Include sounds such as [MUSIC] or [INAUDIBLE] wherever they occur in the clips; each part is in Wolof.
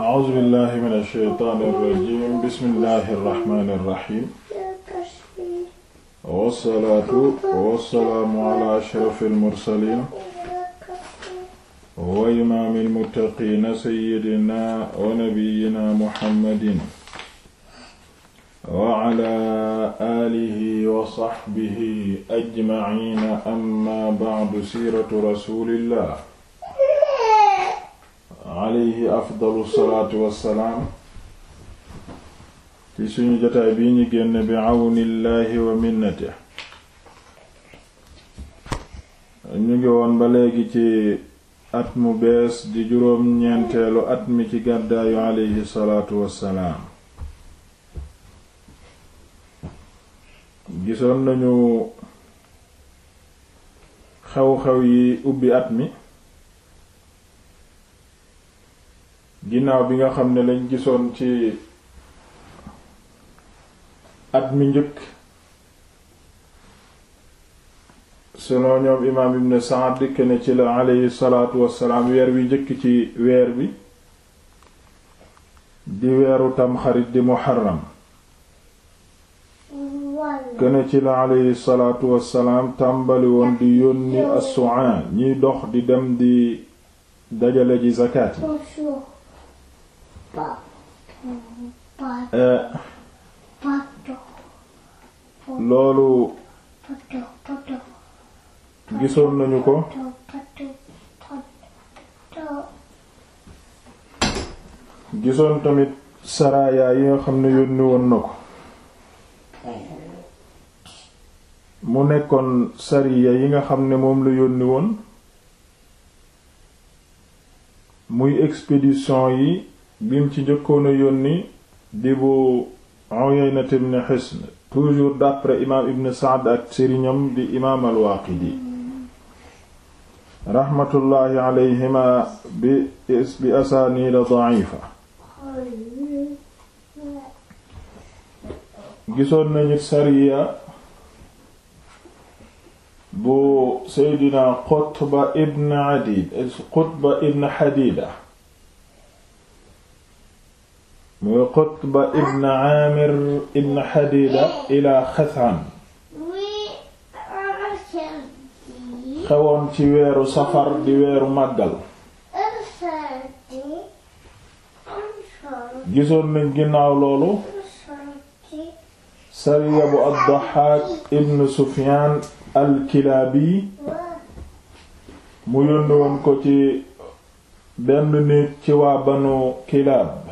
a'uuzu billahi mina shaytaani rajiim bismillahi rahmaani rahiim wassalaatu wassalaamu ala ashrafil mursaliin wa imaamil muttaqiin sayyidinaa wa nabiyyinaa muhammadin wa ala aalihi wa sahbihi ajma'iin amma ba'du siiratu rasuulillah alayhi afdalu salaatu wassalaam ci suñu jotaay bii ñu génn bi àwnillaahi wa minnate ñu ngi woon ba léegi ci at mu bees di juróom ñeenteelu at mi ci gàddaayu alayhi salaatu wassalaam gisoon nañu xew-xew yi ubbi at mi ginnaaw bi nga xam ne lañ gisoon ci at mi njëkk selon ñoom imaam ibn Sa'd ke ci la aleyhi salaatu wassalaam weer wi njëkk ci weer bi di weeru tamxarit di muharram ke ci la yi salaatu wassalaam tàmbaliwoon woon di yónni as-su'an ñiy dox di dem di dajale ji zakaat Eh. loolu gisoon nañu ko gisoon tamit saraya yi nga xam ne yónni woon na ko mu nekkoon sariya yi nga xam ne moom la yónni woon muy expédition yi bim ci njëkkoon a yónni di bu Uyayna ibn Hisn toujours d'après imaam Ibn Sa'd ak sëriñam di imaam al-Waaqidi raxmatullaahi alayhima bi bi asaaniida gisoon nañu sariya bu Seydina Qutba ibn Adiid muy Qutba ibn Aamir ibn Hadida ila Xasaan xewoon ci weeru safar di weeru màggal gisoon nañ ginnaaw loolu sariya bu ad-Dahhaak ibn Sufyaan al-Kilaabi mu yónni ko ci benn nit ci waa Banu Kilaab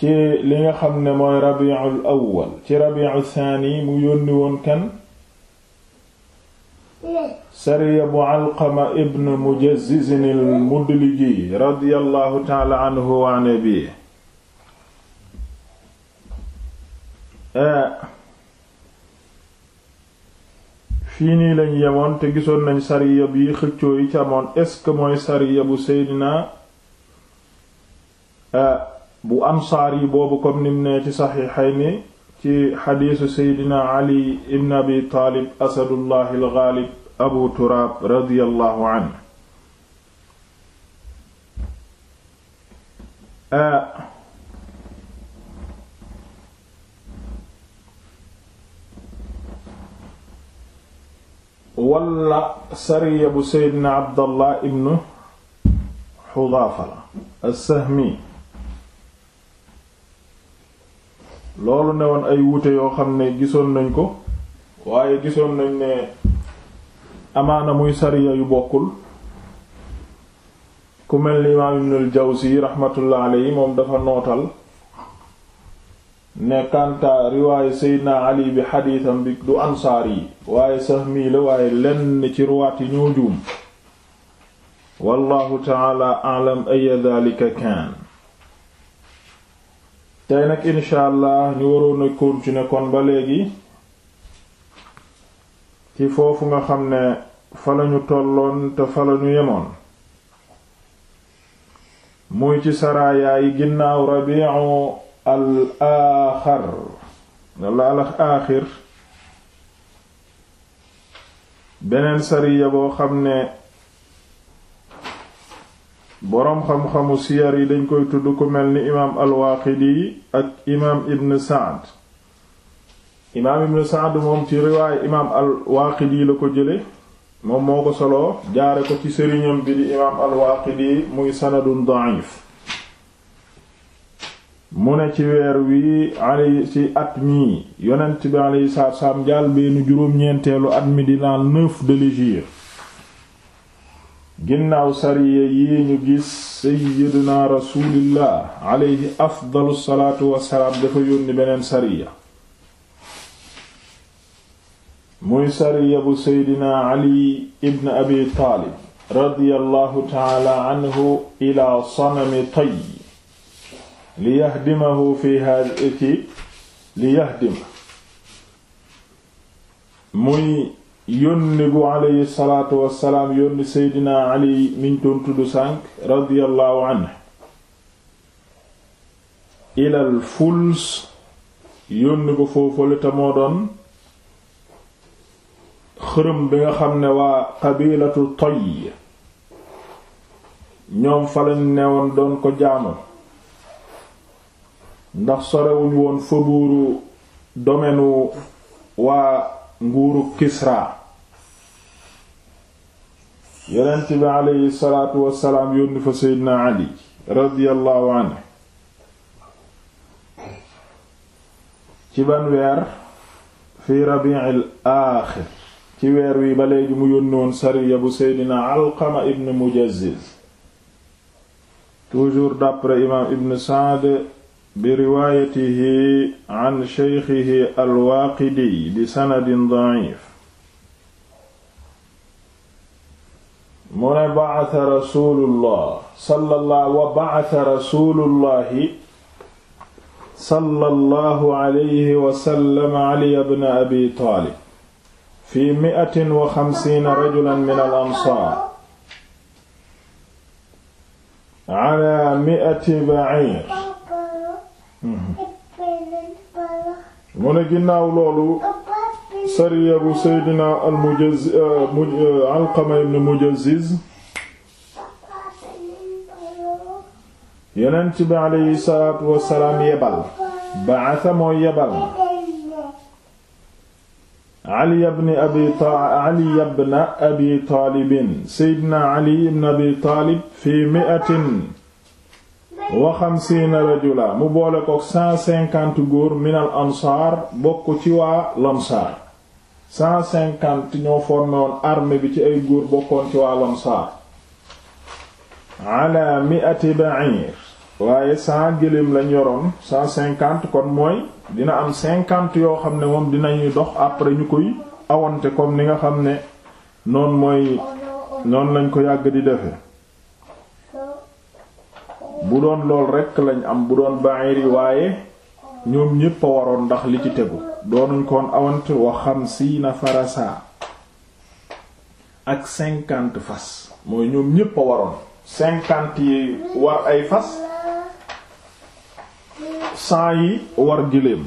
ci li nga xam ne mooy rabiul awwal ci rabiul thani mu yónni woon kan sariya bu alqama ibn mujazzizin al mudliji radiyallahu taala anhu wa nabi eh, fii nii lañ yemoon te gisoon nañ sariya bi xëccoo yi ci ce que mooy sariya bu seydina eh, bu ansaar yi boobu comme nim nee ci saxiixayni ci xadiisu seydina ali ibn abi taalib asadullah alxaalib abu turaab radiyallahu anhu a walla sariya bu seydina abdallah ibn xudaafa la assahmi loolu ne woon ay wuute yoo xam ne gisoon nañ ko waaye gisoon nañ ne amaana muy sariya yu bokkul ku mel ni imaam ibnul jawzi raxmatullah alayhi moom dafa nootal ne kanta riwaaye seydna ali bi xadiisam bi du ansaar yi waaye sahmi la waaye lenn ci ruwaat yi ñoo juum wallahu taala alam ay dhalika kaan tey nag incha allah ñu waroon a continuer kon ba léegi ci foofu nga xam ne fa lañu tolloon te fa lañu yemoon muy ci saraayaa ginnaaw rabiiwu al aaxar beneen sariya boo xam ne boroom xam-xamu siyar yi dañ koy tudd ko mel ni imaam al-Waaqidi ak imaam Ibn Saad imaam Ibn Saad moom ci riwaaye imaam al la ko jële moom moo ko soloo jaare ko ci sëriñam bi di imaam al muy sanadun da'if mu ne ci weer wi alay ci at mi yonent bi alayhi salaatu jaal beenu juróom-ñeenteelu at mi di l'an neuf de ginnaaw sariya yi ñu gis sayyidina rasulillah alayhi afdalu salaatu wassalaam dafa yónni beneen sariya muy sariya bu sayyidina ali ibn abi taalib radiyallahu ta'ala anhu ila sanami tay liyahdimahu fi hadhihi liyahdimahu muy yónni gu aleyhi salaatu wassalaam yónni seydina ali miñ tudd sànk radiyallahu anhu ilal fuls yónni ko foofale te moo doon xërëm bi nga xam ne waa qabilatu toy ñoom falañ newoon doon ko jaamu ndax sorewuñ woon fa buuru domaine waa nguuru Kisra yonent bi aleyhi salaatu wassalaam yónni fa seydina ali radiyallahu anhu ci ban weer fi rabi'il aaxir ci weer wi ba léegi mu yónni woon sariya bu seydina alqama ibn mujazziz toujours d'après imaam ibn saad bi riwaayatihi an sheyxihi alwaaqidi bi sanadin da'if mu ne ba'atha rasulullah sallallahu wa ba'atha rasulullahi sallallahu alayhi wa sallam ali ibn abi taalib fi mi'atin wa xamsiina rajulan min al-ansaar ala mi'ati ba'iir mu ne ginnaaw loolu sariya bu Seydina al-Mujazziz euh, euh, Alqama ibn Mujazziz yonent bi aleyhi salaatu wassalaam yebal ba'atha moo yebal Ali ibn Abi Ali ibn Abi Taalib Seydina Ali ibn Abi Taalib fi mi'atin wa xamsiina rajula mu boole ko 150 góor minal ansaar bokk ci waa lansaar cent cinquante ñoo formé woon bi ci ay góor bokkoon ci wàllum saar ala mi'ati ba'ir waaye cent gëléem lañ yoroon cent cinquante kon mooy dina am cinquante yoo xam ne moom dinañuy dox après ñu koy awante comme ni nga xam ne noon mooy noonu lañ ko yàgg di defe bu doon lool rekk lañ am bu doon ba'ir yi waaye ñoom ñépp a waroon ndax li ci tegu doonuñ koon awante wa xamsiina farasa ak cinquante fas mooy ñoom ñépp a waroon cinquante yi war ay fas cent yi war giléem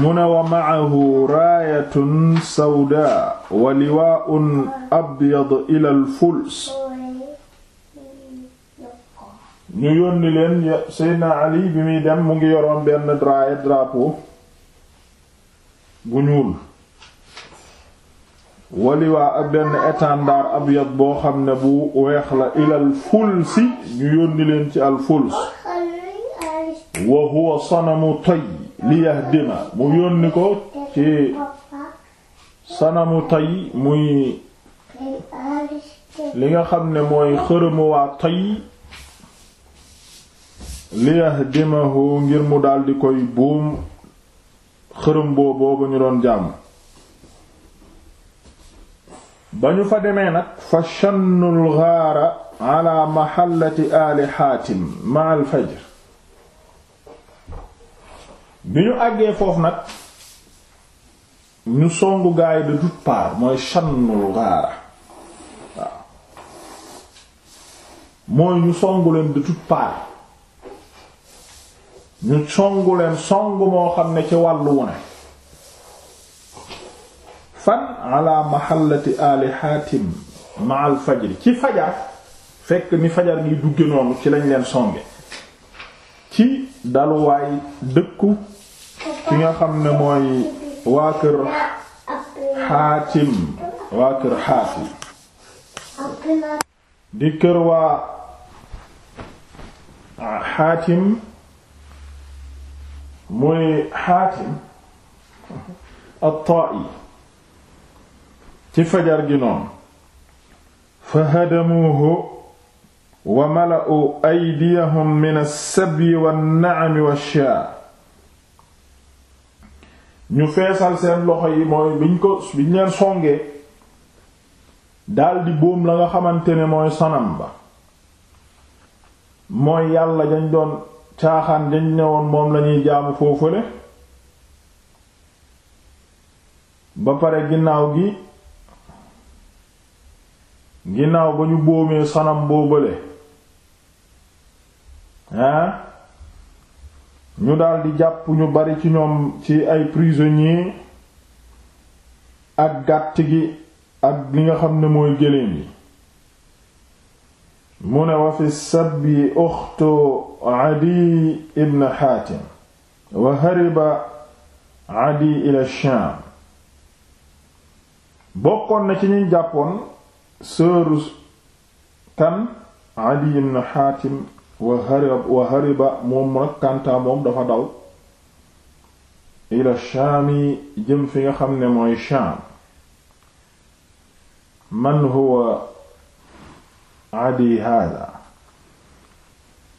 mu ne wa ma'ahu raayatun sawda wa liwaa'un abyad ila fuls ñu yónni leen Seydina Ali bi muy dem mu ngi yoroon benn drae drapeau bu ñuul waliwaa ak benn étendard abyad boo xam ne bu weex la ilal fulsi ñu yónni leen ci al fuls wa huwa sanamu toy li yahdima mu yónni ko ci sanamu toy muy li nga xam ne mooy xërëmu waa toy liyahdimahu ngir mu daldi koy buum xërëm boobu ñu doon jàmm ba ñu fa demee nag fa shannul gaara ala mahallati aali nag ñu mooy shannul gaara waaw mooy ñu ñu songu leen songu moo xam ne ci wàllu wu ne fan ala mahallati ali hatim ma al fajri ci fajar fekk ni fajar gi dugge noonu ci lañ leen songe ci daluwaay dëkku ci nga xam ne mooy waa kër xaatim waa kër xaatim di kër waa xaatim muy xaatim at-Taa'i ci fajar gi noonu fa hadamuuhu wa mala'u aydiyahum min as-sabyi wan-na'ami wash-shaa ñu feesal seen loxo yi mooy biñ ko biñ leen songee daldi buum la nga xamante ne mooy sanam ba mooy yàlla dañ doon saaxaan dañ ne woon moom lañuy jaamu foofale ba pare ginnaaw gi ginnaaw ba ñu boomee sanam boobale ah ñu daldi jàpp ñu bari ci ñoom ci ay prisonniers ak gàtt gi ak li nga xam ne mooy gëléem yi mu ne wa fi sabyi uxtu Adiy ibn Xaatim wa hariba Adiy ila Shaam bokkoon na ci ñuy jàppoon sëru kan Adiy ibn Xaatim wa hariba moom nag kàntaa moom dafa daw ila Shaami jëm fi nga xam ne mooy Shaam man huwa adi hada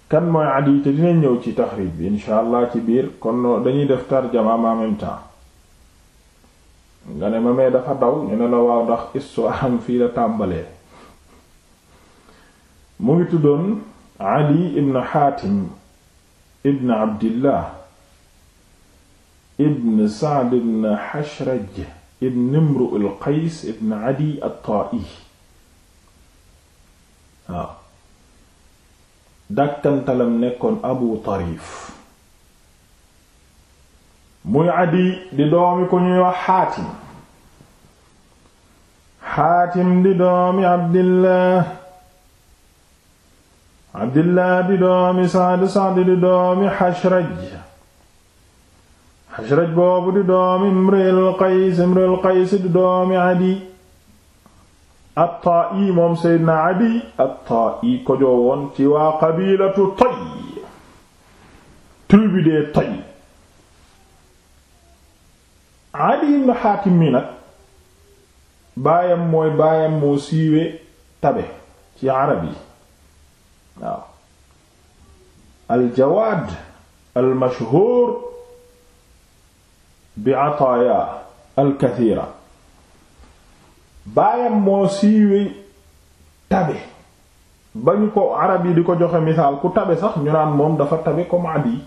kan mooy adi te dina ñëw ci taxrij bi insha allah ci biir kon dañuy def tarjama en même temps ma mee dafa daw ñu la waaw ndax histoire am fii la tàmbalee mu ngi tuddoon adi ibn xaatim ibn abdillah ibn saad ibn xashraj ibn imru al qays ibn adi at-ta'i waaw dàkkantalam nekkoon abu tarif muy adi di doomi ku ñuy wax xaatim xaatim di doomi abdillah abdillah di doomi saad di doomi xashraj xashraj boobu di doomi imril qays imril qays di doomi adi at-Taa'i moom Seydina Adiy at-Taa'i ko joowoon ci waa qabiilatu Tay tribu des Tay Adiy ibn Haatim mi nag baayam mooy baayam moo tabe ci arab yi waaw bi ataaya al baayam moo siiwe tabe ba ñu ko arab yi di ko joxe misaal ku tabe sax ñu naan moom dafa tabe comme adi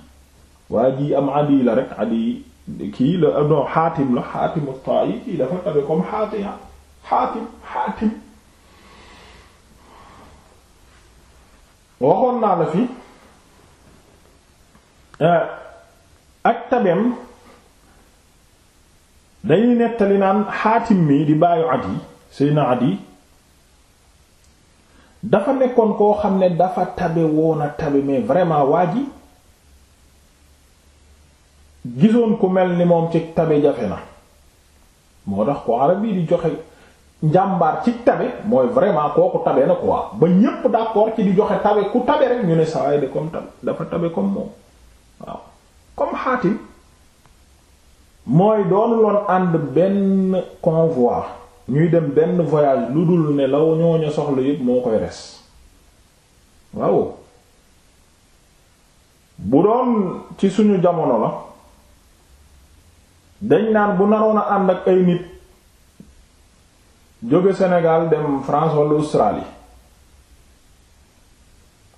waa ji am adi la rek adi kii la ah non xaatim la xaatimu taayi xaatim waxoon naa la fi eh, ak tabeem dañuy nettali naan xaatim mi di baayu adi Seydina Adi dafa nekkoon koo xam ne dafa tabe woon a tabe mais vraiment waa ji gisoon ku mel ni moom ci tabe jafe na moo tax ko arab yi di joxe njàmbaar ci tabe mooy vraiment kooku tabe na quoi ba ñépp d'accord ci di joxe tabe ku tabe rek ñu ne sawaay de comme tabe dafa tabe comme moom waaw comme xaatim mooy doonu loon ànd benn convoi ñuy dem benn voyage lu dul ne law ñoo soxla yépp moo koy res waaw bu doon ci suñu jamono la dañ naan bu naroon a ànd ak ay nit jóge Sénégal dem France wala Australie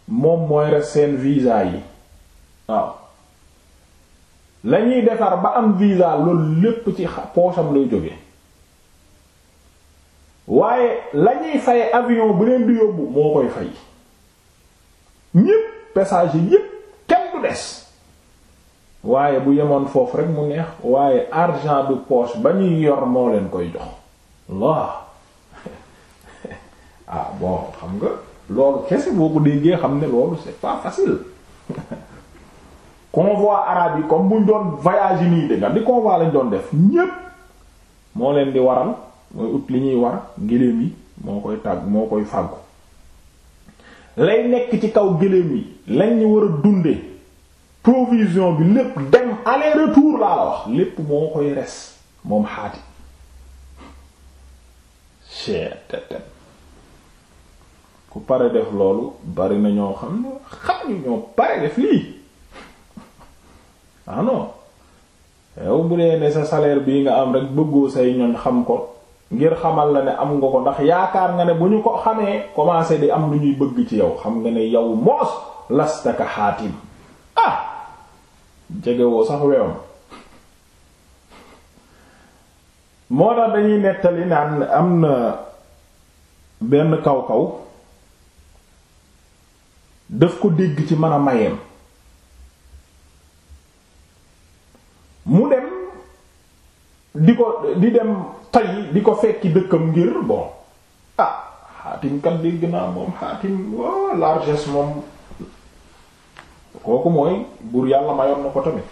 moom mooy res seen visa yi waaw lañuy defar ba am visa loolu lépp ci poosam lay jóge waaye lañuy fay avion bu leen di yóbbu moo koy fay ñépp passagers yépp kenn du des waaye bu yemoon foofu rek mu neex waaye argent de poche ba ñuy yor moo leen koy jox Allah [LAUGHS] ah bon xam nga loolu kese boo ko déggee xam ne loolu c'est pas facile [LAUGHS] convoi arabe yi comme buñ doon voyage nii de nga di convoi lañ doon def ñépp moo leen di waral mooy ut li ñuy war gëléem yi moo koy tàgg moo koy fàggu lay nekk ci kaw gëléem yi lañ ñu war a dunde provision bi lépp dem aller laa la wax lépp moo koy res moom xaati cttem ku pare def loolu bari na ñoo xam ne xam ñu ñoo pare def lii ah yow bu dee ne sa salaire bii nga am rek bëggoo say ñoñ xam ko ngir xamal la ne am nga ko ndax yaakaar nga ne bu ñu ko xamee commencé di am lu ñuy bëgg ci yow xam nga ne yow moos lastaka xaatim ah jegewoo sax weewam moo tax dañuy nettali naan am na benn kaw kaw daf ko dégg ci mën a mayeem mu dem di ko di dem tay di ko fekki dëkkam ngir bon ah xaatim kat dégg naa moom xaatim waa largesse moom kooku mooy buur yàlla mayoon na ko tamit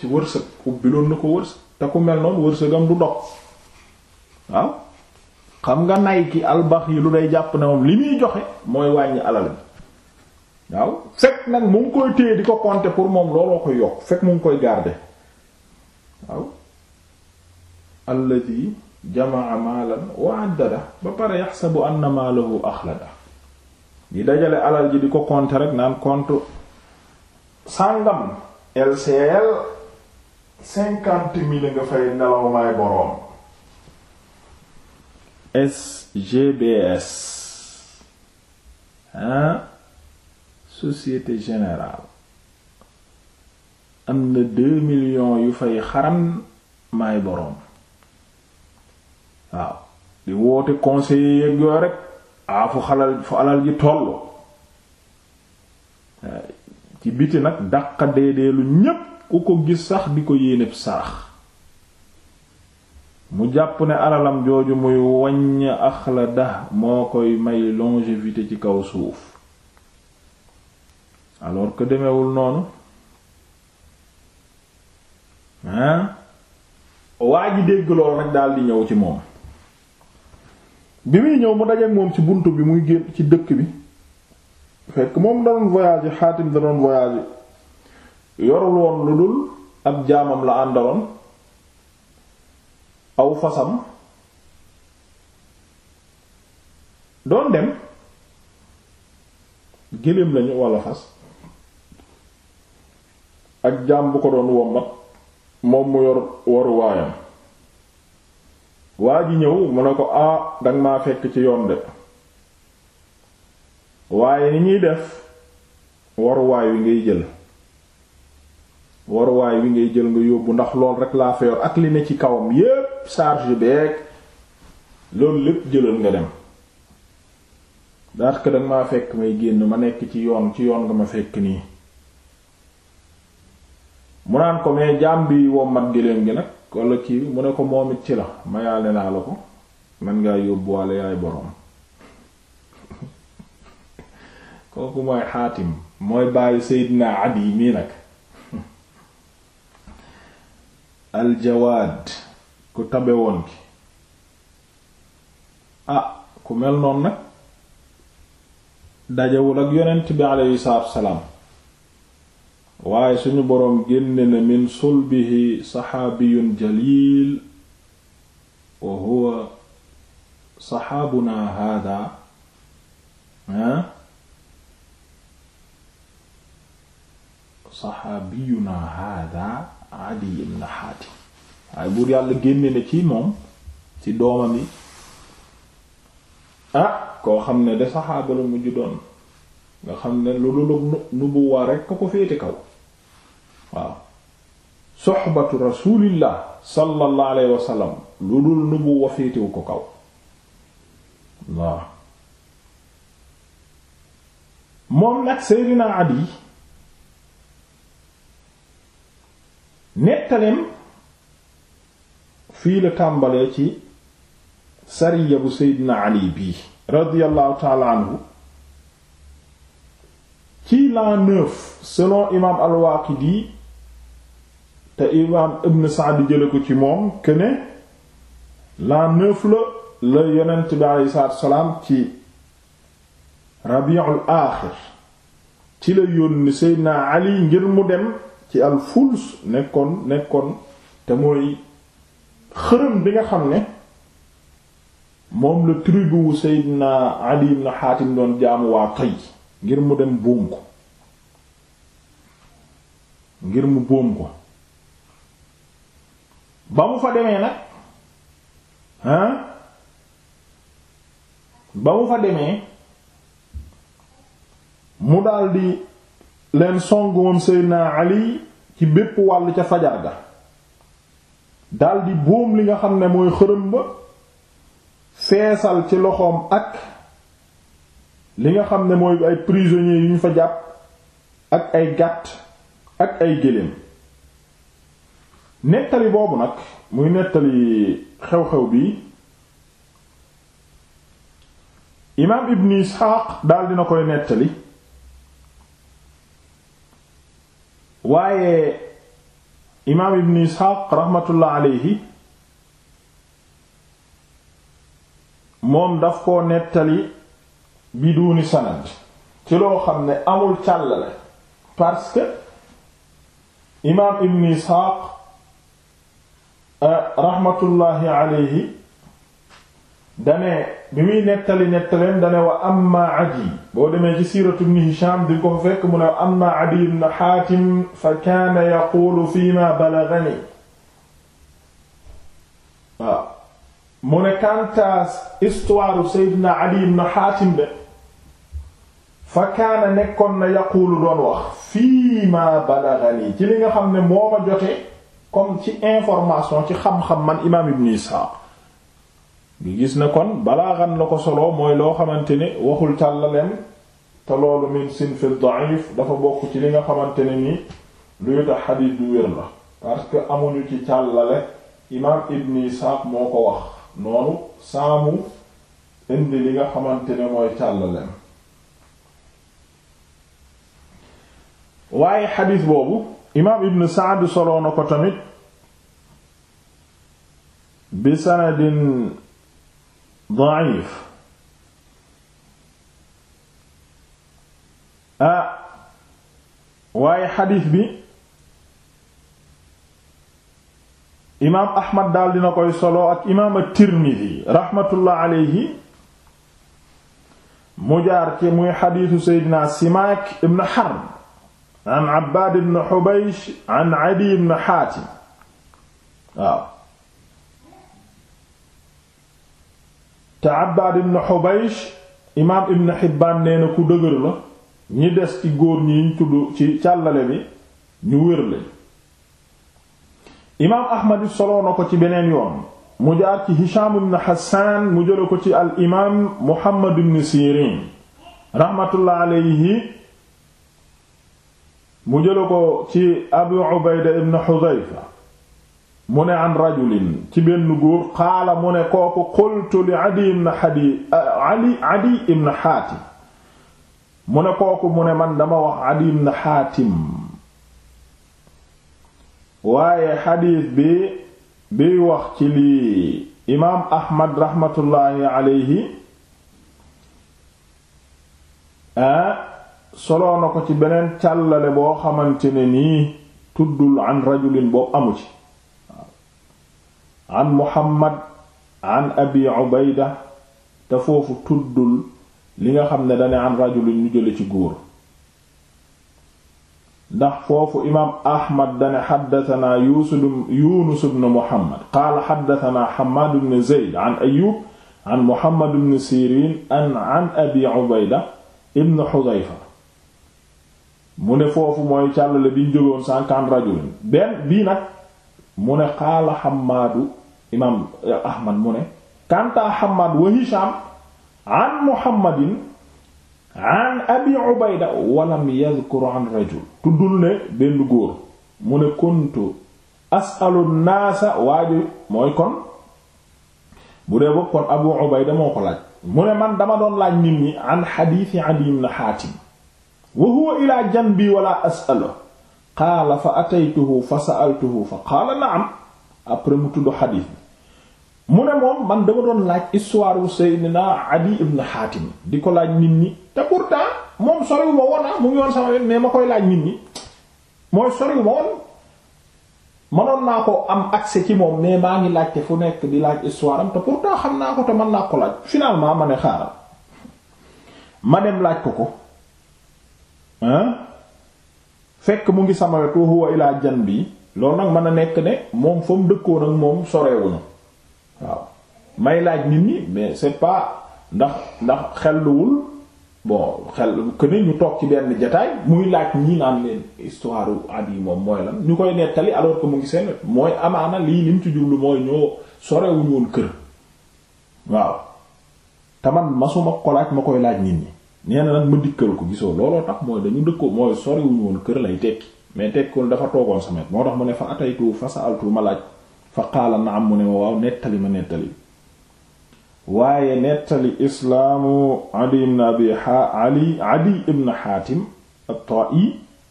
ci wërsëg ubbiloon na ko wërsëg te ku mel noonu wërsëgam du dog waaw xam nga nay ki albax yi lu day jàpp ne moom li ñuy joxe mooy wàññi alal bi waaw fekk nag mu ngi koy téye di ko compter pour moom looloo koy yokk fekk mu ngi koy garder waaw alladi jamaa maalan wa addada ba pare yaxsabu anna maalahu axlada di dajale alal ji di ko compter rek naan compte sàngam LCL cinquante mille nga fay nelaw may boroom SGBS Société Générale am na deux millions yu fay xaram may boroom waaw di woote conseiller yeeg yooyu rek ah fu xalal fu alal ji tollu eh, ci biti nag dàqa deedeelu ñépp ku ko gis sax di ko yéeneb sarax mu jàpp ne alalam jooju muy waññ axlada moo koy may longévité ci kaw suuf alors que demewul noonu hein waa ji dégg lool nag daldi ñëw ci moom bi muy ñëw mu dajeek moom ci bunt bi muy génn ci dëkk bi fekk moom da doon voyage xaatim da doon voyage yorul lu dul ab jaamam la àndaloon aw fasam doon dem géléem lañu walla fas ak jaam bu ko doon wombat moom mu yor waruwaayam waa ji ñëw mu ne ko ah danga maa fekk ci yoon de waaye ni ñuy def waruwaay wi ngay jël waruwaay wi ngay jël nga yóbbu ndax lool rek laa feyor ak li ne ci kawam yépp charge beeg loolu lépp jëlal nga dem daat ko danga maa fekk may génn ma nekk ci yoon ci yoon nga ma fekk nii mu naan ko mais jaam bi wommat géléem gi nag kolla kii mu ne ko moom ci la mayaale naa la ko man ngaa yóbbuwaale yaay boroom [LAUGHS] kooku mooy xaatim mooy bàyyi Seydina Adi mii nag [LAUGHS] aljawaad ku tabe woon ki ah ku mel noon nag dajewul ak yonent bi aleyhi salaatu salaam waaye suñu boroom génne na min sulbihi saxaabiyun jalil wa huwa saxaabunaa haadaa ah saxaabiyunaa haadaa Adiy ibn Haatim waaye buur yàlla génne na ci moom ci doomam yi ah koo xam ne de saxaaba la mujj doon nga xam ne lu lu nubuwaa rekk ko féete kaw waaw soxbatu rasulillah sallallahu alayhi wa lu dul nubu wafeetewu ko kaw waaw moom nag Seydina Adi nettaleem fii la tàmbalee ci sariya bu Seydina Ali bii radiyallahu taala anhu ci l'an neuf selon imam al-Waqidi te imam ibn Sa'd jële ko ci moom que ne l'an neuf la la yonent bi aleyhi salaatu ci rabiul aaxir ci la yónni Seydina Ali ngir mu dem ci al fuls nekkoon nekkoon te mooy xërëm bi nga xam ne moom la tribu wu Seydina Ali ibn doon jaamu waa Tay ngir mu dem buum ko ngir mu buum ko ba mu fa demee nag hein ba mu fa demee mu daldi leen song moom naa Ali ci bépp wàll ca fajar ga daldi boom li nga xam ne mooy xërëm ba ci loxoom ak li nga xam ne mooy ay prisonniers yu ñu fa jàpp ak ay gàtt ak ay gëléem nettali boobu nag muy nettali xew-xew bi imaam ibn isxaaq daal dina koy nettali waaye imaam ibn isxaaq raxmatullah aleyhi moom daf koo nettali bi duuni sanad ci loo xam ne amul càllale parce imaam ibn isxaaq Euh, raxmatullaahi alayhi dane bi muy nettali nettaleem dane wa amma adi boo demee ci siiratu ibn hisham di ko fekk wa amma adi ibn xaatim fa kaana yaquulu fi ma balagani waaw mu ne kantaas histoire seydina adi fa kaana nekkoon na yaquulu doon wax fii ma balagani li nga xam ne moo ma jotee comme ci information ci xam-xam man imaam ibn Ishaq ngi gis ne kon balaa xan la ko solo mooy loo xamante ni waxul càllaleem te loolu min sinfi da'if dafa bokk ci li nga xamante ne ni luy tax xadiis du wér la parce que amuñu ci càllale imaam ibn Ishaq moo ko wax noonu saamu indi li nga xamante ne mooy càllaleem waaye xadiis boobu imaam ibn Saad soloo na ko tamit bi sanadin daal dina koy solo ak imaam at-Tirmidhi rahmatullah aleyhi mu jaar ci muy xadiisu Seydina Simaak ibn Harb an Abbaad ibn Hubaysh an Adi ibn Haatim waaw te Abbaad ibn Hubaysh imaam ibn Hibbaan nee na ku dëgër la ñi des ci góor ñi ñu tudd ci càllale bi ñu wér imaam Ahmad soloo na ko ci beneen yoon mu jaar ci Hisham ibn Hassan mu jëla ko ci al imaam Muhammad ibn Sirin rahmatullah alayhi mu jëla ko ci abu ubayda ibn xudayfa mu ne an rajulin ci benn góor xaala mu ne kooku qultu li adi ibn hadi ali adi ibn xaatim mu ne kooku mu ne man dama wax adi ibn xaatim waaye xadiis bi biy wax ci lii imaam ahmad raxmatullaahi alayhi ah soloo ko ci beneen càllale boo xamante ne nii tuddul an rajulin boobu amu ci an muhammad an abi ubayda te foofu tuddul li nga xam ne dane an rajulin ñu jële ci góor ndax foofu imaam ahmad dane xaddatanaa yuusudum yunus bnu muhammad qaala xaddatanaa xamaad bnu zeyd ayub an muhammad bnu sirin an abi ubayda ibnu xudayfa mu ne foofu mooy càllale biñ jógoon cinquante rajulin benn bii nag mu ne xaala xamaadu imaam ahmad mu ne kantaa xamaad wa hisham an muhammadin an abi ubayda walam yadkur an rajul tuddul ne benn góor mu ne kuntu asalu naasa waajo mooy kon bu dee bopp abu ubayda moo ko laaj mu ne man dama doon laaj nit ñi an xadiisi adi ibn xaatim wa huwa jan bi wala as'alu qaala fa ataytuhu fa sa'altuhu fa na am après mu tudd xadiis mu ne moom man dama doon laaj histoire wu Seydina Adi ibn Hatim di ko laaj nit ñi te pourtant moom soriwu ma woon ah, mu ngi woon sama yoon mais ma koy laaj nit ñi mooy soriwu ma woon naa ko am accès ci moom mais maa ngi laajte fu nekk di laaj histoire am te pourtant xam naa ko te mën naa ko laaj finalement ma ne xaaral ma dem laaj ko ko fekk mu ngi sama wet wa huwa jan janbi lool nag mën a nekk ne moom fa mu dëkkoon ak moom sorewuñu waaw laaj nit ñi mais c'est ndax xelluwul bon xel que ne ñu toog ci benn jataay muy laaj ñi naan at yi moom mooy ñu koy nettali mu ngi seen mooy amaana lii lim ci jublu mooy woon kër waaw te man masuma ko laaj ma koy laaj nit ñi nee na nag ma dikkal ko gisoo looloo tax mooy dañu dëkkoo mooy soriwuñu woon kër lay tekki mais tekkoon dafa toogoon samet moo tax mu ne fa ataytu fa sa'altu ma laaj fa qaala na'am mu ne ma waaw nettali ma nettali waaye nettali islaamu adi ibn abi ali adi ibn xaatim at-ta'i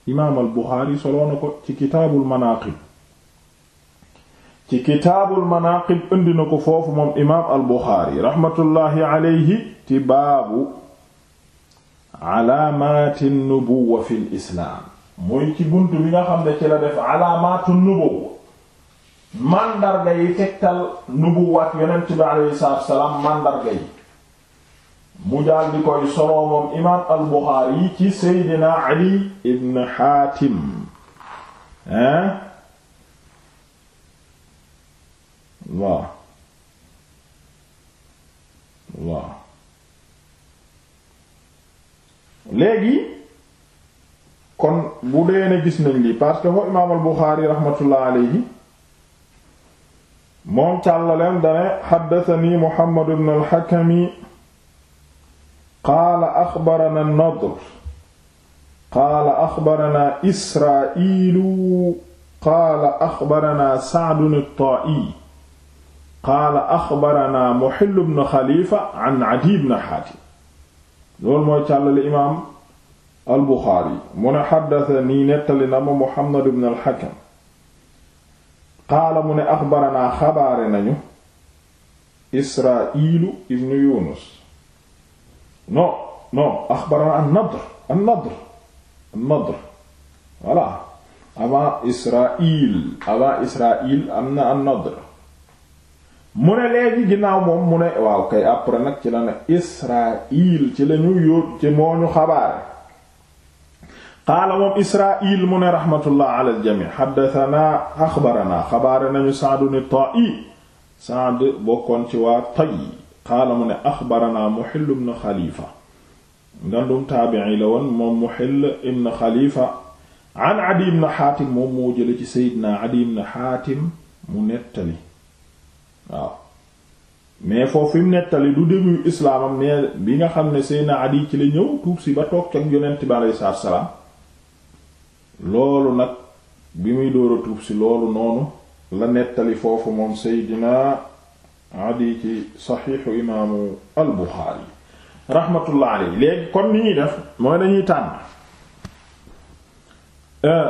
imaam al buxaari soloo ko ci kitaabul manaqib ci kitaabul manaqib indi na ko foofu moom imaam al buxaari raxmatullaahi alayhi ci baabu alaamaati nubuwa muy ci bunt bi nga xam ne ci la def alaamaatu nubuwa màndarga yi tegtal nubuwaat yonent bi aleyhi salaatu wassalaam màndarga yi mu daal di koy solo moom al buxaari yi ci seydina ali ibn xaatim hein waaw waaw léegi kon bu dee ne parce que foofu imaam al Buxaari raxmatullah alayhi moom càllaleen dane xaddatani Muhammad ibn al Hakami qaala axbarana Nadr qaala axbarana Israa'iilu qaala axbarana Sa'dun at-Taa'i qaala axbarana Muhill ibn Xalifa an Adiy ibn Haatim loolu mooy càllale imaam al buxaari mu ne xaddatanii nettali na ma muhammad ibn al hakam qaala mu ne axbaranaa xabaare nañu israa'iilu ibnu yunus non non axbaranaa an-nadr an-nadr an-nadr voilà avant israa'iil avant israa'iil am na an-nadr mu ne léegi ginnaaw moom mu ne waaw kay après nag ci la ne ci lañu yóot ci moo ñu xabaare qaala moom Israaïl mu ne raxmatullah ala aljami xaddatanaa axbaranaa xabaare nañu Saadu ni Ta'i Saad bokkoon ci waa Tayy qaala mu ne axbaranaa Muhill ibn Xalifa ngandum taabi'i la woon moom Muhill ibn Xalifa an Adi ibn Xaatim moom moo jële ci Seydina Adi ibn Xaatim mu nettali waaw mais foofu mu nettali du début islaamam mais bi nga xam ne Seydina Adi ci la ñëw tuub si ba toog ca yonent bi aleyhi salaam loolu nag bi muy door a tuub si loolu noonu la nettali foofu moom Seydina Adi ci saxiixu imaamu al Buxaari rahmatullah léegi kon ni ñuy def mooy dañuy tànn euh,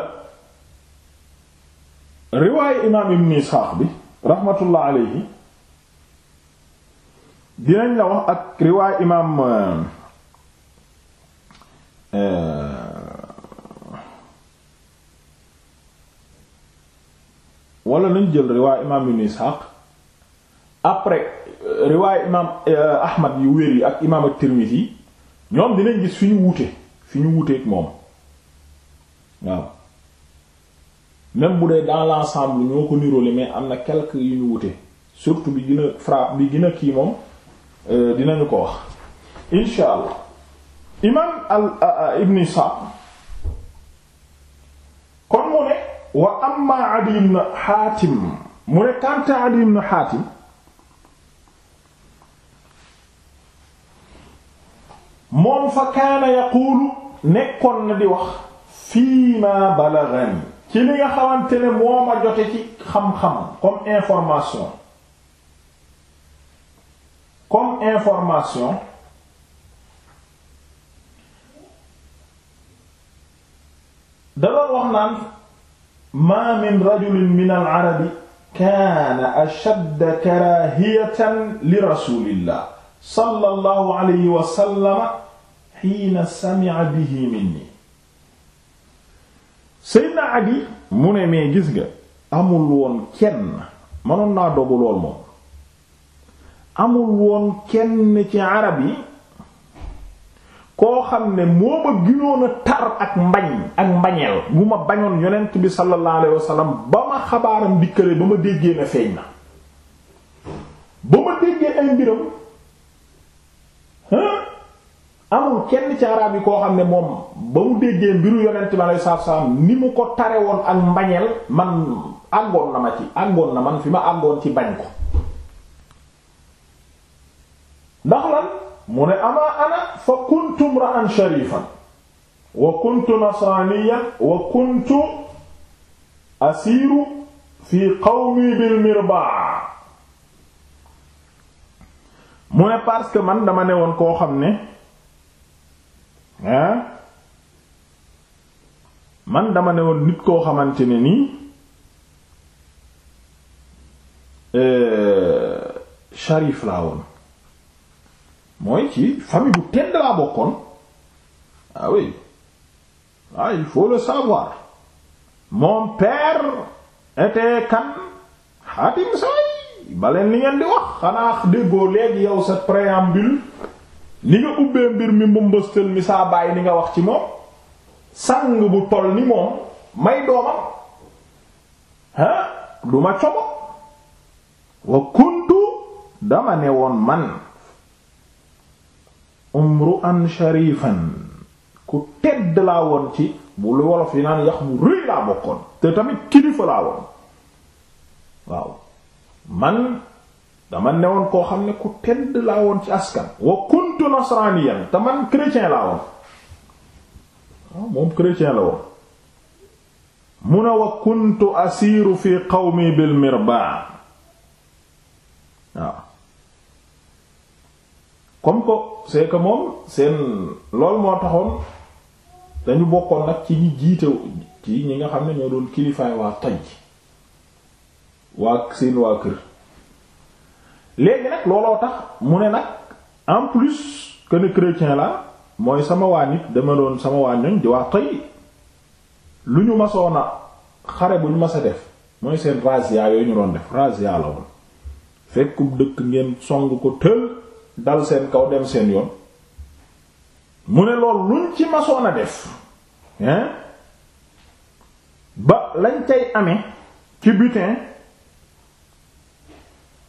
riwaayu imaam Ibn Isxaaq bi. rahmatullah alayhi dinañ la wax ak riwaay imaam euh, euh, wala nañ jël riwaay imaam ibn Ishaq après euh, riwaay imaam Ahmad yu wér yi ak imaam at-Tirmidhi ñoom dinañ gis fi ñu wuute fi ñu wuuteeg moom waaw même bu dee dans l'ensemble ñoo ko niroole mais am na quelques yu ñu wute surtout bi gën a bi gën kii moom euh, dinañu ko wax insha allah imam al ibn Isaaq kon mu ne wa amma Adi ibn Haatim mu ne kanta Adi ibn Haatim moom fa kaana yaquulu nekkoon na di wax fii ma balaghani ci li nga xamante ne moo ma jote ci xam-xam comme information comme information da doon wax naan ma min rajulin min al arabi kaana ashadda karaahiyatan li rasulillah sallallahu alayhi wa sallama hiina sami'a bihi minni Seydina Adi mu ne mais gis nga amul woon kenn mënoon naa dogu lool moom amul woon kenn ci arab yi koo xam ne moo ma ginoon a tar ak mbañ ak mbañeel bu ma bañoon yonent bi sallallahu alayhi wasallam ba ma xabaaram dikkale ba ma déggee na feeñ na ba ma déggee ay mbiram amul kenn ci yi koo xam ne moom ba mu déggee mbiru yonent bi aleyhi salaatu salaam ni mu ko tare woon ak mbañeel man àngoon na ma ci àngoon na man fi ma àngoon ci bañ ko ndax lan mu ne amaa ana fa kuntu imra'an sharifan wa kuntu nasraniyan wa kuntu asiiru fi qawmi bil mirbaa mu ne parce que man dama ne woon koo xam ne man dama ne woon nit koo xamante ne nii euh, sharif laa woon mooy ci famille bu tedd laa bokkoon ah oui ah il faut savoir mon père était kan xaatim say baleen li ngeen di wax xanaa déggoo léegi yow sa préambule ni nga ubbee mbir mi mbambastal mi saa bàyyi ni nga wax ci moom sang bu toll ni moom may doomam ah du ma cobo wa kuntu dama ne woon man umru an ku tedd laa woon ci bu wolof yi naan yax bu rëy laa bokkoon te tamit kilifa laa woon waaw man dama ne woon koo xam ne ku tedd laa woon ci askan wa kuntu nasraniyan te man chrétien laa woon waaw ah, moom chrétien la woon mu ne wa kuntu asiiru fi qawmi bil mirbaa waaw comme ko c'est moom seen lool moo taxoon dañu bokkoon nag ci ñi jiite ci ñi nga xam ne ñoo doon kilifaay waa taj waa seen waa kër léegi nag looloo tax mu ne nag en plus que ne chrétien la mooy sama waa nit dama doon sama waa ñoñ di wax tey lu ñu masoona xare bu ñu mas a def mooy seen razzia yooyu ñu doon def razzia la woon fekk dëkk ngeen song ko tël dal seen kaw dem seen yoon mu ne lool luñ ci masoona def hein ba lañ tey amee ci butin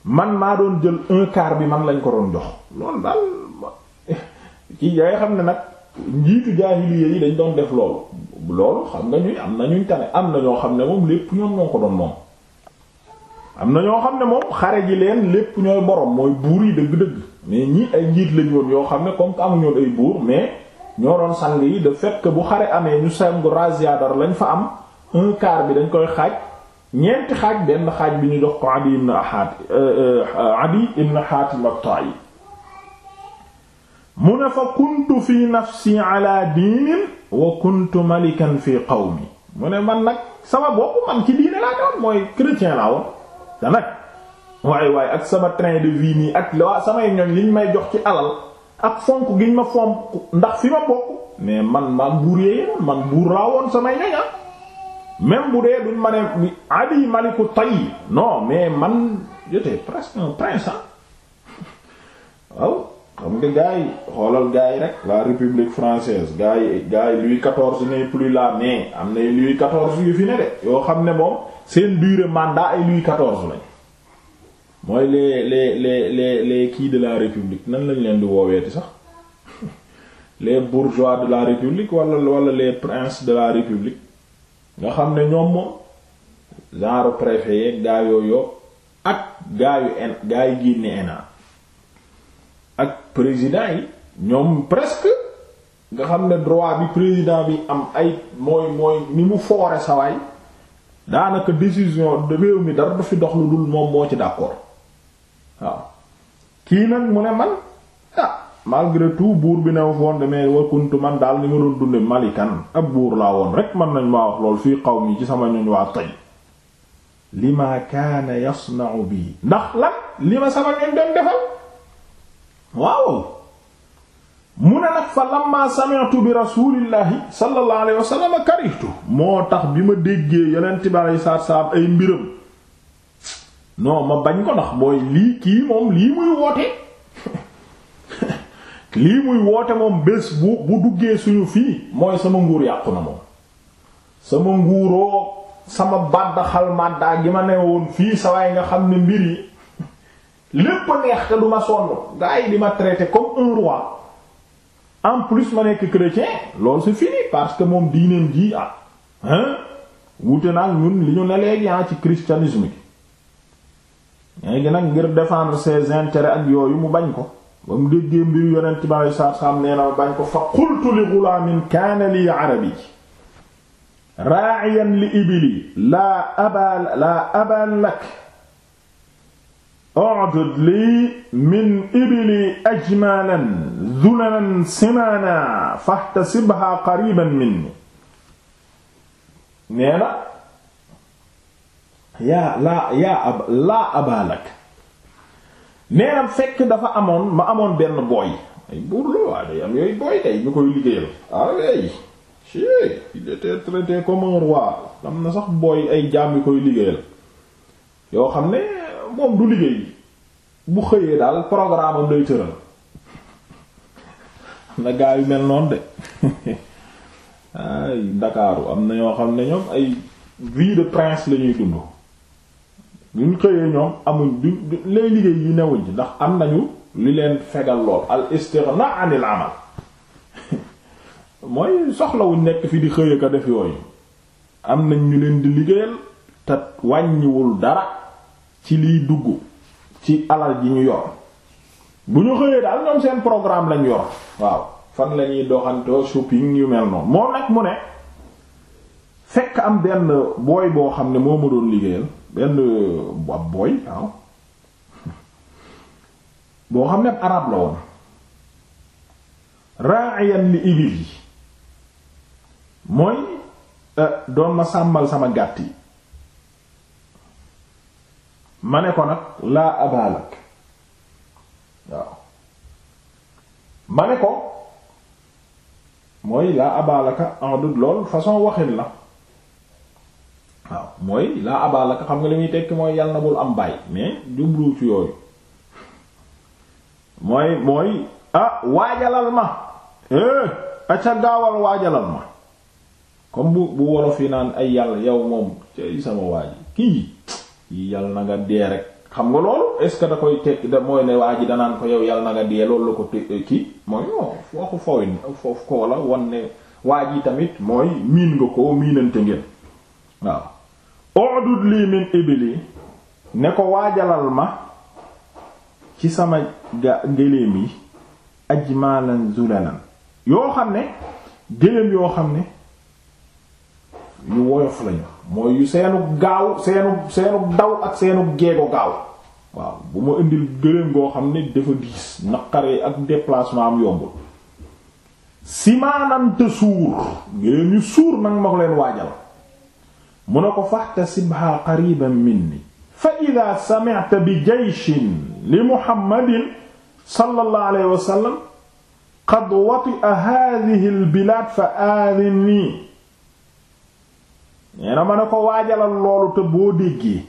man maa doon jël un quart bi man lañ ko doon jox loolu daal ci [LAUGHS] yaay xam ne nag njiitu jaahiliya yi dañ doon def loolu loolu xam nga am nañu ñuñ tane am na ñoo xam ne moom lépp ñoom ko doon moom am na ñoo xam ne moom xare ji leen lépp ñooy borom mooy buur yi dëgg-dëgg mais ñii ay njiit lañ woon yoo xam ne comme que amuñoon ay buur mais ñoo doon sang yi de fekk bu xare amee ñu sang razzia dar lañ fa am un quart bi dañ koy xaaj ñeenti xaaj benn xaaj bi ñu jox ko Adi ibn Hatim euh, euh, Adi ibn Hatim at-Ta'i mu ne fa kuntu fi nafsi ala diinin wa kuntu malikan fi qawmi mu ne man nag sama bopp man ci diine laa doon mooy chrétien laa woon da nag waaye waaye ak sama train de vie nii ak la samay ñoñ liñ may jox ci alal ak fonk giñ ma fonk ndax fi ma bokk mais man maa buur yee man buur laa woon samay ñoña ah. même bu dee duñ ma ne Ali maliku Tayyib non mais man j'étais presque un prince waaw xam nga gars yi xoolal gars yi rek la République française gars yi gars yi Louis XIV n'est plus la mais am na Louis XIV yu fi ne de yoo xam ne moom seen durée mandat ay Louis XIV lañ mooy les les les les kii de la République nan lañ leen di wooweeti sax [LAUGHS] les bourgeois de la République wala wala les princes de la République nga xam ne ñoom moom genre préfet yeeg gaa yooyu ak gaa yu en gaa yu génne na ak président yi ñoom presque nga xam ne droit bi président bi am ay mooy mooy ni mu foore sawaay daanaka décision de réew dara du dox lu dul moom moo ci d'accord waaw kii nag mu ne man ah malgré tout buur bi new foon demee wakuntu man daal ni ma doon malikan ab buur laa woon rek mën nañ maa wax lool fii mi ci sama ñoñ waa tay li ma kaana yasna'u bi ndax la li ma sama ñoñ doon defal waaw mu ne nag fa lamma sami'tu bi rasulillahi sallallahu alayhi wa sallam moo tax bi ma déggee yeneen bi alayhi salaatu salaam ay mbiram non ma bañ ko ndax mooy lii kii moom lii muy woote lii muy woote moom bés bu bu duggee suñu fii mooy sama nguur yàqu na moom sama nguuroo sama bàddaxal màddaa gi ma ne woon fii sawaay nga xam ne mbir yi lépp neex te du ma sonn gaa yi ma traité comme un roi en plus ma nekk chrétien loolu c'est fini parce que moom diineem ji ah hein wuute nag ñun li ñu ne léegi ah ci christianisme gi léegi nag ngir défendre ses ak yooyu mu bañ ko ba mu déggee mbiru yonent bi alei saatu salaam nee na ma bañ ko fa qultu li gulaamin kaana lii arabi raa'iyan li ibili laa aba laa aban lak odud lii min ibili ajmalan zulalan simaana fahtasibha qariban minni nee na yaa laa yaa ab laa aba lak nee na fekk dafa amoon ma amoon benn booy ay buur la waa day am yooyu booy day ñu koy liggéeyal ah oui il était traité comme roi am na sax booy ay jaam yu koy liggéeyal yoo xam ne moom du liggéey bu xëyee daal programme am day tëral na gaa yu mel noonu de [LAUGHS] ay Ndakaaru am na ñoo xam ne ñoom ay vie de prince lañuy ñuy luñ xëyee ñoom amuñ du lay liggéey yi newuñ ci ndax am nañu li leen fegal lool al istighna amal mooy soxlawuñ nekk fi di xëy ko def yooyu am nañ ñu leen di liggéeyal te wàññiwul dara ci liy dugg ci alal ji ñu yor bu ñu xëyee daal ñoom seen programme lañ yor waaw fan lañuy ñuy doxantoo shopping yu mel noonu moom nag mu ne fekk am benn booy boo xam ne moo ma doon liggéeyal benn ab booy waaw boo xam ne arab la woon ra'iyan li ibil yi mooy eh, doon ma sàmmal sama gàtt yi ma ne ko nag laa abaalak waaw ma ne ko mooy laa abaalaka en tout lool façon waxin la waaw mooy laa abal ak xam nga li muy tekki mooy yàlla na bul am baay mais jublu ci mooy mooy ah waajalal ma eh bu bu wolof naan ay yàlla yow moom ci sama waaj kii yi yàlla na nga dee rek xam nga loolu est ce que da koy tekki da mooy ne waa ji danaan ko yow yàlla na nga dee loolu la ko eh, kii mooy non foofu fawin foofu koo wan ne waa ji tamit mooy miin nga ko miinante ngeen waaw. udud lii min ibli ne ko waajalal ma ci sama ga gëléem yi ajmalan zulalan yoo xam ne gëléem yoo xam ne yu woyof yu seenu gaaw seenu seenu ak seenu geego gaaw waaw bu ma goo xam ne dafa diis naqare ak déplacement am yombul suur gëléem yu suur nag ma ko leen waajal mu ne ko fahtasibha qariban minni fa ida sami'ta bi jayshin li muhammadin sallallahu alayhi wa sallam qad wati'a hadhihi albilaad fa aadinni nee na ma ne ko waajalal loolu te boo déggee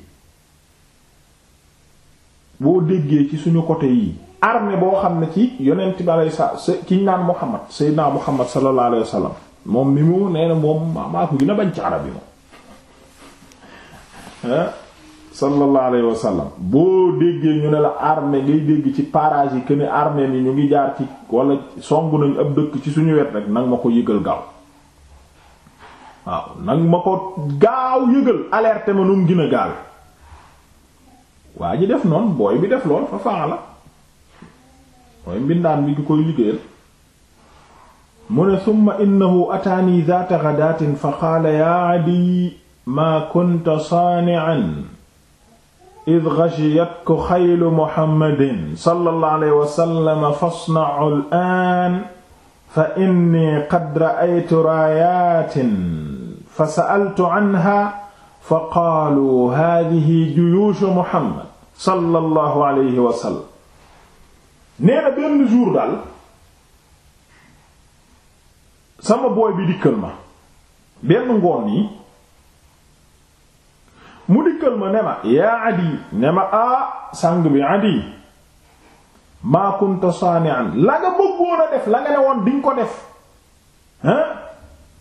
boo déggee ci suñu côté yi armée boo xam ne ci yonent bi alay sa kiñ naan muhammad seydinaa muhammad sallallahu alayhi wa moom mi mu nee na moom maa ko gën a ci arab yi moom sallallahu alayhi wa boo déggee ñu ne la armée ngay dégg ci parages yi que ne armée ñu ngi jaar ci wala song nañ ab dëkk ci suñu wet rek nag ma ko yëgal gaaw waaw nag ma ko gaaw yëgal alerte ma nu mu gën a gaaw waa ji def noonu booy bi def lool fa faa la mbindaan bi ki koy liggéeyal mu ne summa innahu ataani zaata ghadatin fa qaala yaa maa kunta saani'an id ghashiyatku xaylu muhammadin sallallahu alayhi wa sallam fasna'u al'aan fa inni qad ra'aytu raayaatin fa sa'altu anhaa fa qaalu haadihi juyuushu muhammad sallallahu alayhi wa sallam nee na benn jour daal sama booy bi dikkal ma benn ngoon yi mu dikkal ma ne ma yaa adi ne ma aa ah, sang bi adi maa kunta saani'an la nga bëggoon def la nga ne woon diñ ko def hein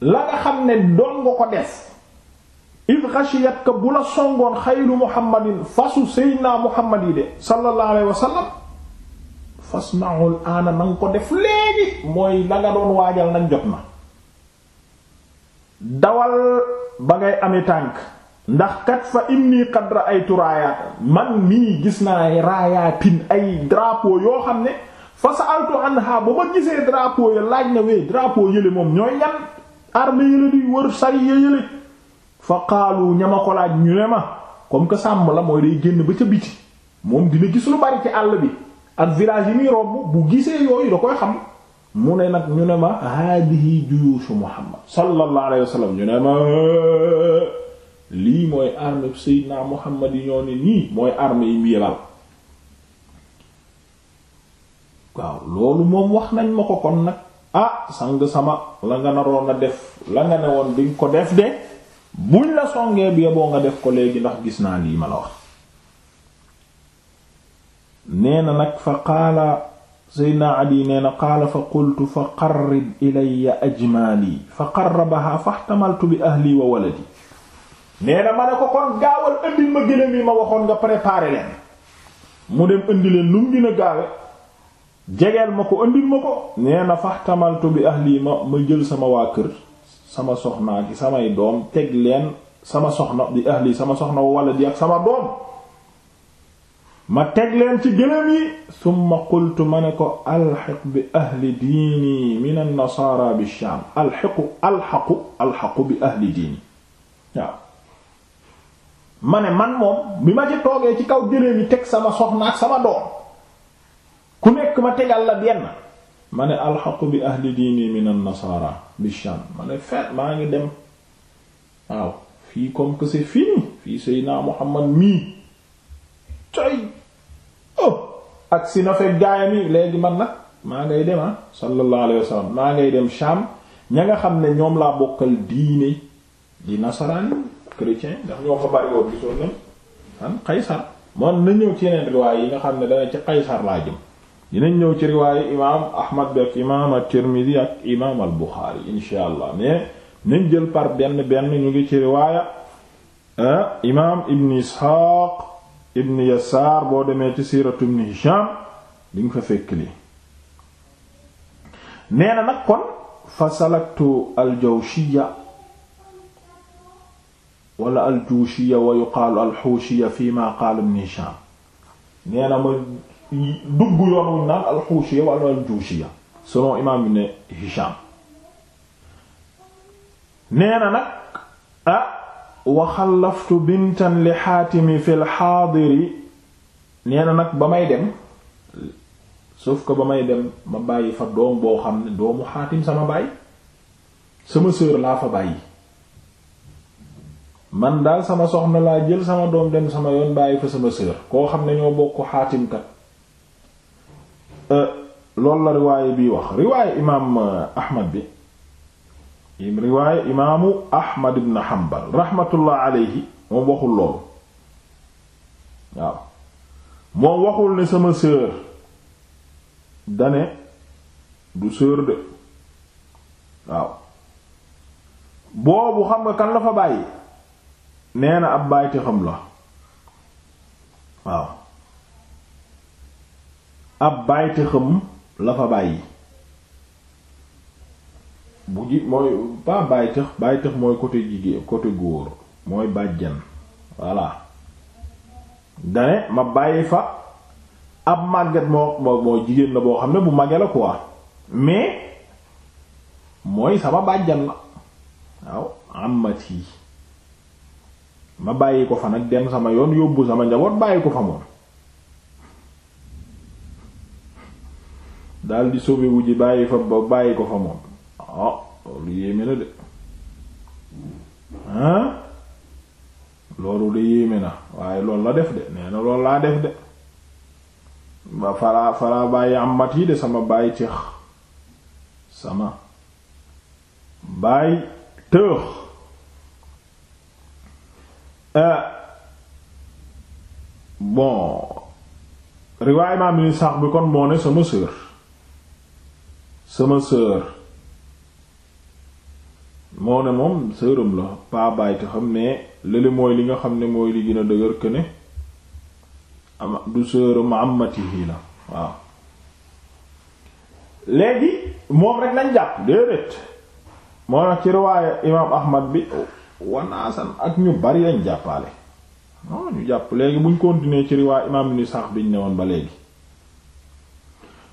la nga xam ne doon nga ko def id ghashiyat ka bu la songoon xaylu muhammadin fasu seydinaa muhammad yi de sallallahu alayhi wa sallam fasna'ul aana na ko def léegi mooy la nga doon waajal nag jot na dawal ba ngay ami tànk ndax kat fa inni qad ra'aytu raayaat man mii gis naa raayaatin ay drapeau yoo xam ne fa sa'altu anha ba ma gisee drapeau ya laaj na wee drapeau yële moom ñooy yan armée yële di wër sariya yële fa qaalu ña ma ñu ne ma comme que sàmm la mooy day génn ba ca biti moom dina gis lu bari ci àll bi ak village yi muy romb bu gisee yooyu da koy xam mu ne nag ñu ne ma haadihi juyuushu muhammad sallallahu alayhi wasallam ñu ne ma lii mooy armée Seydina Muhammad yi ñoo ne nii mooy armi yi mu waaw loolu moom wax nañ ma ko kon nag ah sang sama la nga naroon a def la nga ne woon diñ ko def de buñ la songee bi yeboo nga def ko léegi ndax gis naa lii ma la wax nee na nag fa qaala Seydina Adi nee na fa qultu fa qarrib ilayya ajmali fa qarrabaha fa ihtamaltu bi ahli wa waladi nee ma ne ko kon gaawal andil ma gëléem yi ma waxoon nga préparer leen mu dem indi leen lu mu gën a gaawe jegeel ma ko andil ma ko nee na faxtamaltu bi ahli ma ma jël sama waa kër sama soxnaa ki samay doom teg leen sama soxna bi ahli sama soxna walla di ak sama doom ma teg leen ci gëléem yi summa qultu ma ne ko alxiq bi ahli diini min an nasaara bi shaam alxiqu alxaqu alxaqu bi ahli diini waaw ma ne man moom bi ma ci toogee ci kaw jëlee yi teg sama soxna ak sama doom ku nekk ma tegal la benn ma ne alxaqu bi ahli diini min an-nasara bi sham ma ne fet maa ngi dem waaw fii comme que c'est fini fii Seydina Muhammad mii coy oh ak si na fekk gaayam yi léegi man nag maa ngay dem ah sallallahu alayhi wasallam maa ngay dem sham ña nga xam ne ñoom laa bokkal diine di nasaraan chrétien ndax ñoo fa bari woon gisoon nañ an Qaysar moom na ñëw ci yeneen riwaay yi nga xam ne dana ci Qaysar laa jëm dinañ ñëw ci riwaayu imaam Ahmad beek imaam at ak imaam al-Bukhari insha jël par benn benn ñu ngi ci riwaaya ah, imaam Yasaar boo demee ci siiratu Ibn Hisham di fa fekk li nee na nag kon fa salaktu al wala aljuushia wa yuqaalu alxuushia fi ma qaala ibn nee na ma dugg yoon wuñ naan wala aljuushia selon imaam ibn Hishaam nee na nag ah wa xallaftu bintan li xaatimi fi lxaadiri nee na ba may dem sauf ba may dem ma bàyyi fa doom boo xam ne doomu xaatim sama bàyyi sama sœur laa fa bàyyi man daal sama soxna laa jël sama doom dem sama yoon bàyyi fa sama sœur koo xam ne ñoo bokk xaatimkat euh, loolu la riwaaye bii wax riwaaye euh, bi riwaaye imaamu ahmad ibn hanbal rahmatullah alayhi moom waxul loolu waaw moom waxul ne sama sœur dane du sœur de waaw boobu xam nga kan la fa bàyyi nee na ab bàyti xam la waaw ab bàyti xam la fa bàyyi bu ji mooy pas bàytëx bàytëx mooy côté jigéen côté góor mooy bàjjan voilà dane ma bàyyi fa ab màgget moo mooy jigéen la boo xam ne bu màgge la quoi mais mooy sama bàjjan la waaw amati ma bàyyi ko fa nag dem sama yoon yóbbu sama njaboot bàyyi ko fa moom daldi sobe wu ji bàyyi fa ba bàyyi ko fa moom ah loolu yéeme na de hein loolu de yéeme na waaye lool la def de nee na laa def de ba faraa faraa bàyyi amat yi de sama bàyyi teex sama bàyyi tëx Euh, bon riwaay imaam ibn Isaaq bi kon moo ne sama sœur sama sœur moo ne moom sœuram la paa bàyyi te xam ne lële mooy li nga xam ne mooy li gën a dëgër que ne ama du sœuram ammatihi la waaw léegi moom rek lañ jàpp déedéet moo tax ci riwaaya imaam Ahmad bi wanaasan ak ñu bari lañ jàppale non ñu jàpp léegi buñ continuer ci riwaa imaam ni sax biñ ne woon ba léegi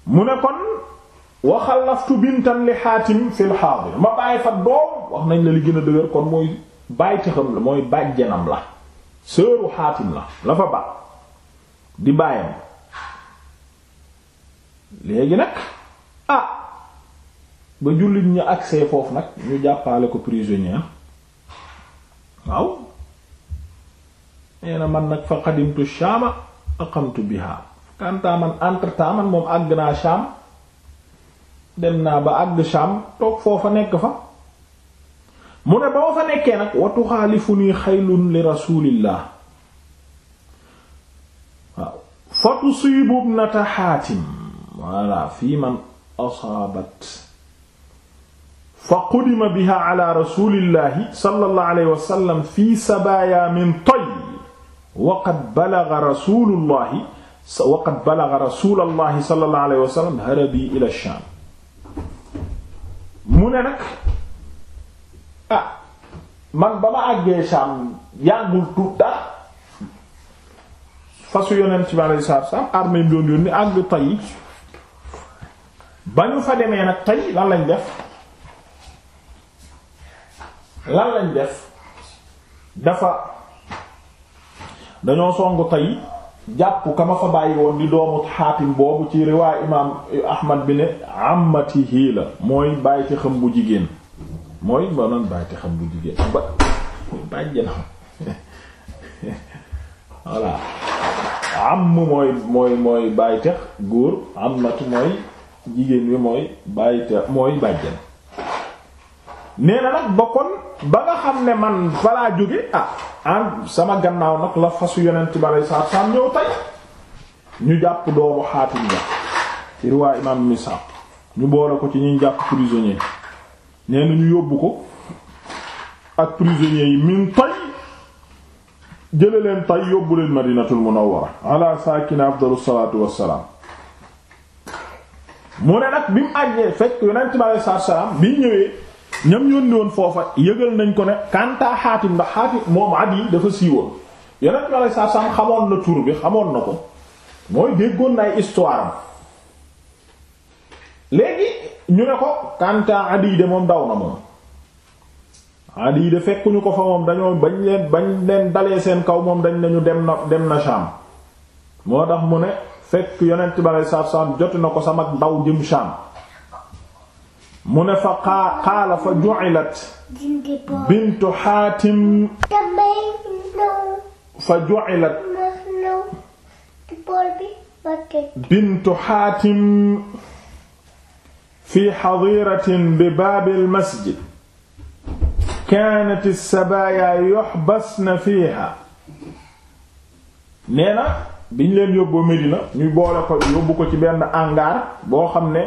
mu ne kon waxalaftu bintan li xaatim fil xaadir ma bàyyi fa doom wax nañ la li gën a dëgër kon mooy bàyyi taxam la mooy bàjjanam la seeru xaatim la la fa ba di bàyyam léegi nag ah ba jullit ñu agsee foofu nag ñu jàppale ko prisonnier waaw nee na man nag fa qadimtu Shama aqamtu biha kantaa entre temps moom àgg naa Sham dem naa ba àgg Sham toog foofa nekk fa mu ne ba fa nekkee nag waaw fa tusiibu ibnata Xaatim wala fii man asaabat fa qudima biha ala rasulillahi sallallahu alayhi wa sallam fi sabaaya min toy waqad balaga rasulullahi waqad balaga rasulallahi sallallahu alayhi wa sallam harabi ila Shaam mu ne nag ah man ba ma àggee Shaam yàggul tudda fasu yonent bi alayhi salaatu salaam armée doon yónni àgg Tay ba ñu fa demee nag Tay lan lañ def lan lañ def dafa dañoo songu tay jàpp kama fa bàyyi woon di doomu xaatim boobu ci riwaay imaam ahmad bi ne amatihi la mooy bàyyi ci xam bu jigéen mooy ba noon bàyyi ci xam bu jigéen ba bàjjanam [LAUGHS] voilà am mooy mooy mooy bàyyi tex góor am mooy jigéen wi mooy bàyyi tex mooy bàjjan nee na nag ba kon ba nga xam ne man falaa jóge ah en ah, sama gannaaw nag la fasu yonent bi alei saatu salaam ñëw tay ñu jàpp doomu xaatim ga ci riwaa imam misa ñu boole ko ci ñuy jàpp prisonnier nee na ñu yóbbu ko ak prisonnier yi min tay jële leen tay yóbbu leen madinatul munawwara ala saakina afdalu salaatu wassalaam mu ne nag bi mu àjjee fekk yonent bi alei salaam bi ñëwee ñam yónni woon foofa yëgal nañ ko ne kantaa xaatim ndax moom at yi dafa siiwoon yeneen ñoo lay xamoon na tur bi xamoon na ko mooy déggoon ay histoire am léegi ñu ne ko kantaa adi de moom daw na moom adi de fekkuñu ko fa moom dañoo bañ leen bañ leen dalee seen kaw moom dañ lañu dem na dem na moo tax mu ne fekk yonent bi alei saatu salaam na ko sama ndaw jëm Sham mu ne fa qaala fa ju'ilat bintu xaatim fa ju'ilat bintu xaatim fi xadiiratin bi baabil masjid kaanat as-sabaaya yuhbasna fiiha nee na biñ leen yóbbu Medina ñu boole ko yóbbu ko ci benn angaar boo xam ne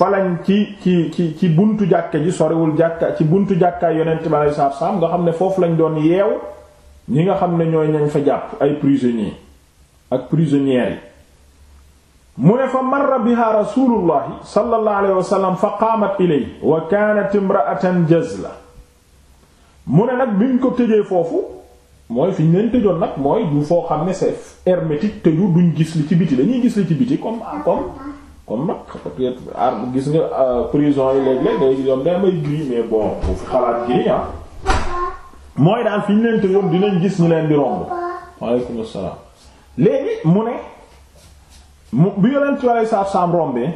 falañ ci ci ci ci buntu jàkka ji sorewul jàkka ci buntu jàkkaay yonent bi alei satu salaam nga xam ne foofu lañ doon yeew ñi nga xam ne ñooy ñañ fa jàpp ay prisonniers ak prisonnières yi mu ne fa marra biha rasulullahi sallallahu alayhi wa sallam fa qaamat ilay wa kanat imra'atan mu ne nag biñ ko tëjee foofu mooy fi ñu leen tëjoon nag mooy du foo xam ne c'est hermétique tëju duñ gis li ci biti dañuy gis li ci biti comme comme kon nag peut gis nga euh, prison yi léeg-léeg day yoon day may gris mais bon bu fi xalaat gris ah mooy daal fi ñu leen tëjoon gis ñu leen di romb waaleykum salaam léegi mu ne mu bi nga leen ci wàllu saabsaam rombee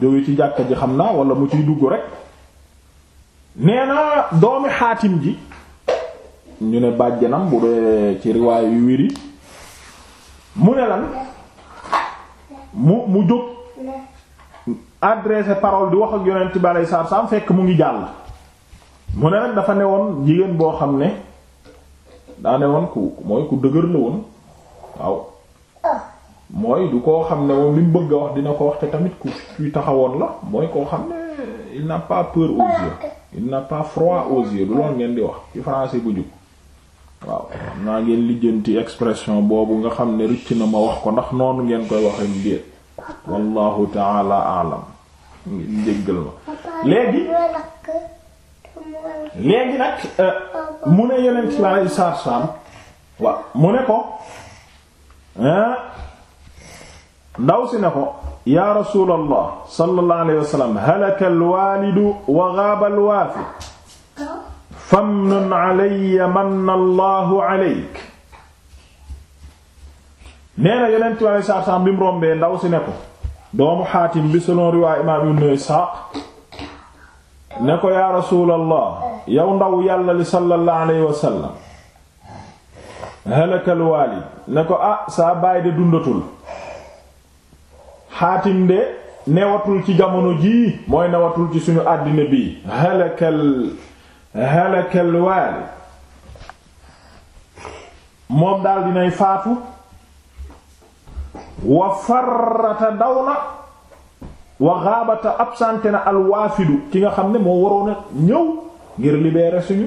jóge ci jàkka ji xam naa wala mu ciy dugg rek nee na doomi xaatim ji ñu ne bàjjanam bu dee ci riwaay yu wiri mu ne lan mu mu jóg. adressé parole di wax ak yonent bi aleyhi sa salaam fekk mu ngi jàll mu ne nag dafa ne woon jigéen boo xam ne daa ne woon ku mooy ku dëgër la woon waaw mooy du koo xam ne moom li mu bëgg a wax dina ko wax te tamit ku kuy taxawoon la mooy koo xam ne il n'a pas peur aux il n'a froid aux yeux du ngeen di wax ci français bu jub waaw naa ngeen lijjanti expression boobu nga xam ne rëcc na ma wax ko ndax noonu ngeen koy waxee mu wallahu taala alam jéggal ma léegi léegi nag euh, mu ne yonent bi alayhi salaatu salaam waaw mu ne ko ndaw si ne ko yaa rasuulallah sallallahu alayhi wa sallam halaka alwaalidu wa ghaaba alwaafid famnun alayya manna allahu alayk nee na yonent bi alei satu bi mu rombee ndaw si ne ko doomu xaatim bi selon riwaay imaam ibnu isxaaq ne ko yaa rasuulallah yow ndaw yàlla li sallallahu alayhi wa ne ko ah saa baay de dundatul xaatim de newatul ci jamono jii mooy newatul ci suñu àddina bii halakal halakal waalid moom daal dinay faatu wa farrata daw na wa xaabata absenté na alwaafidu ki nga xam ne moo waroon ñëw ngir libérer suñu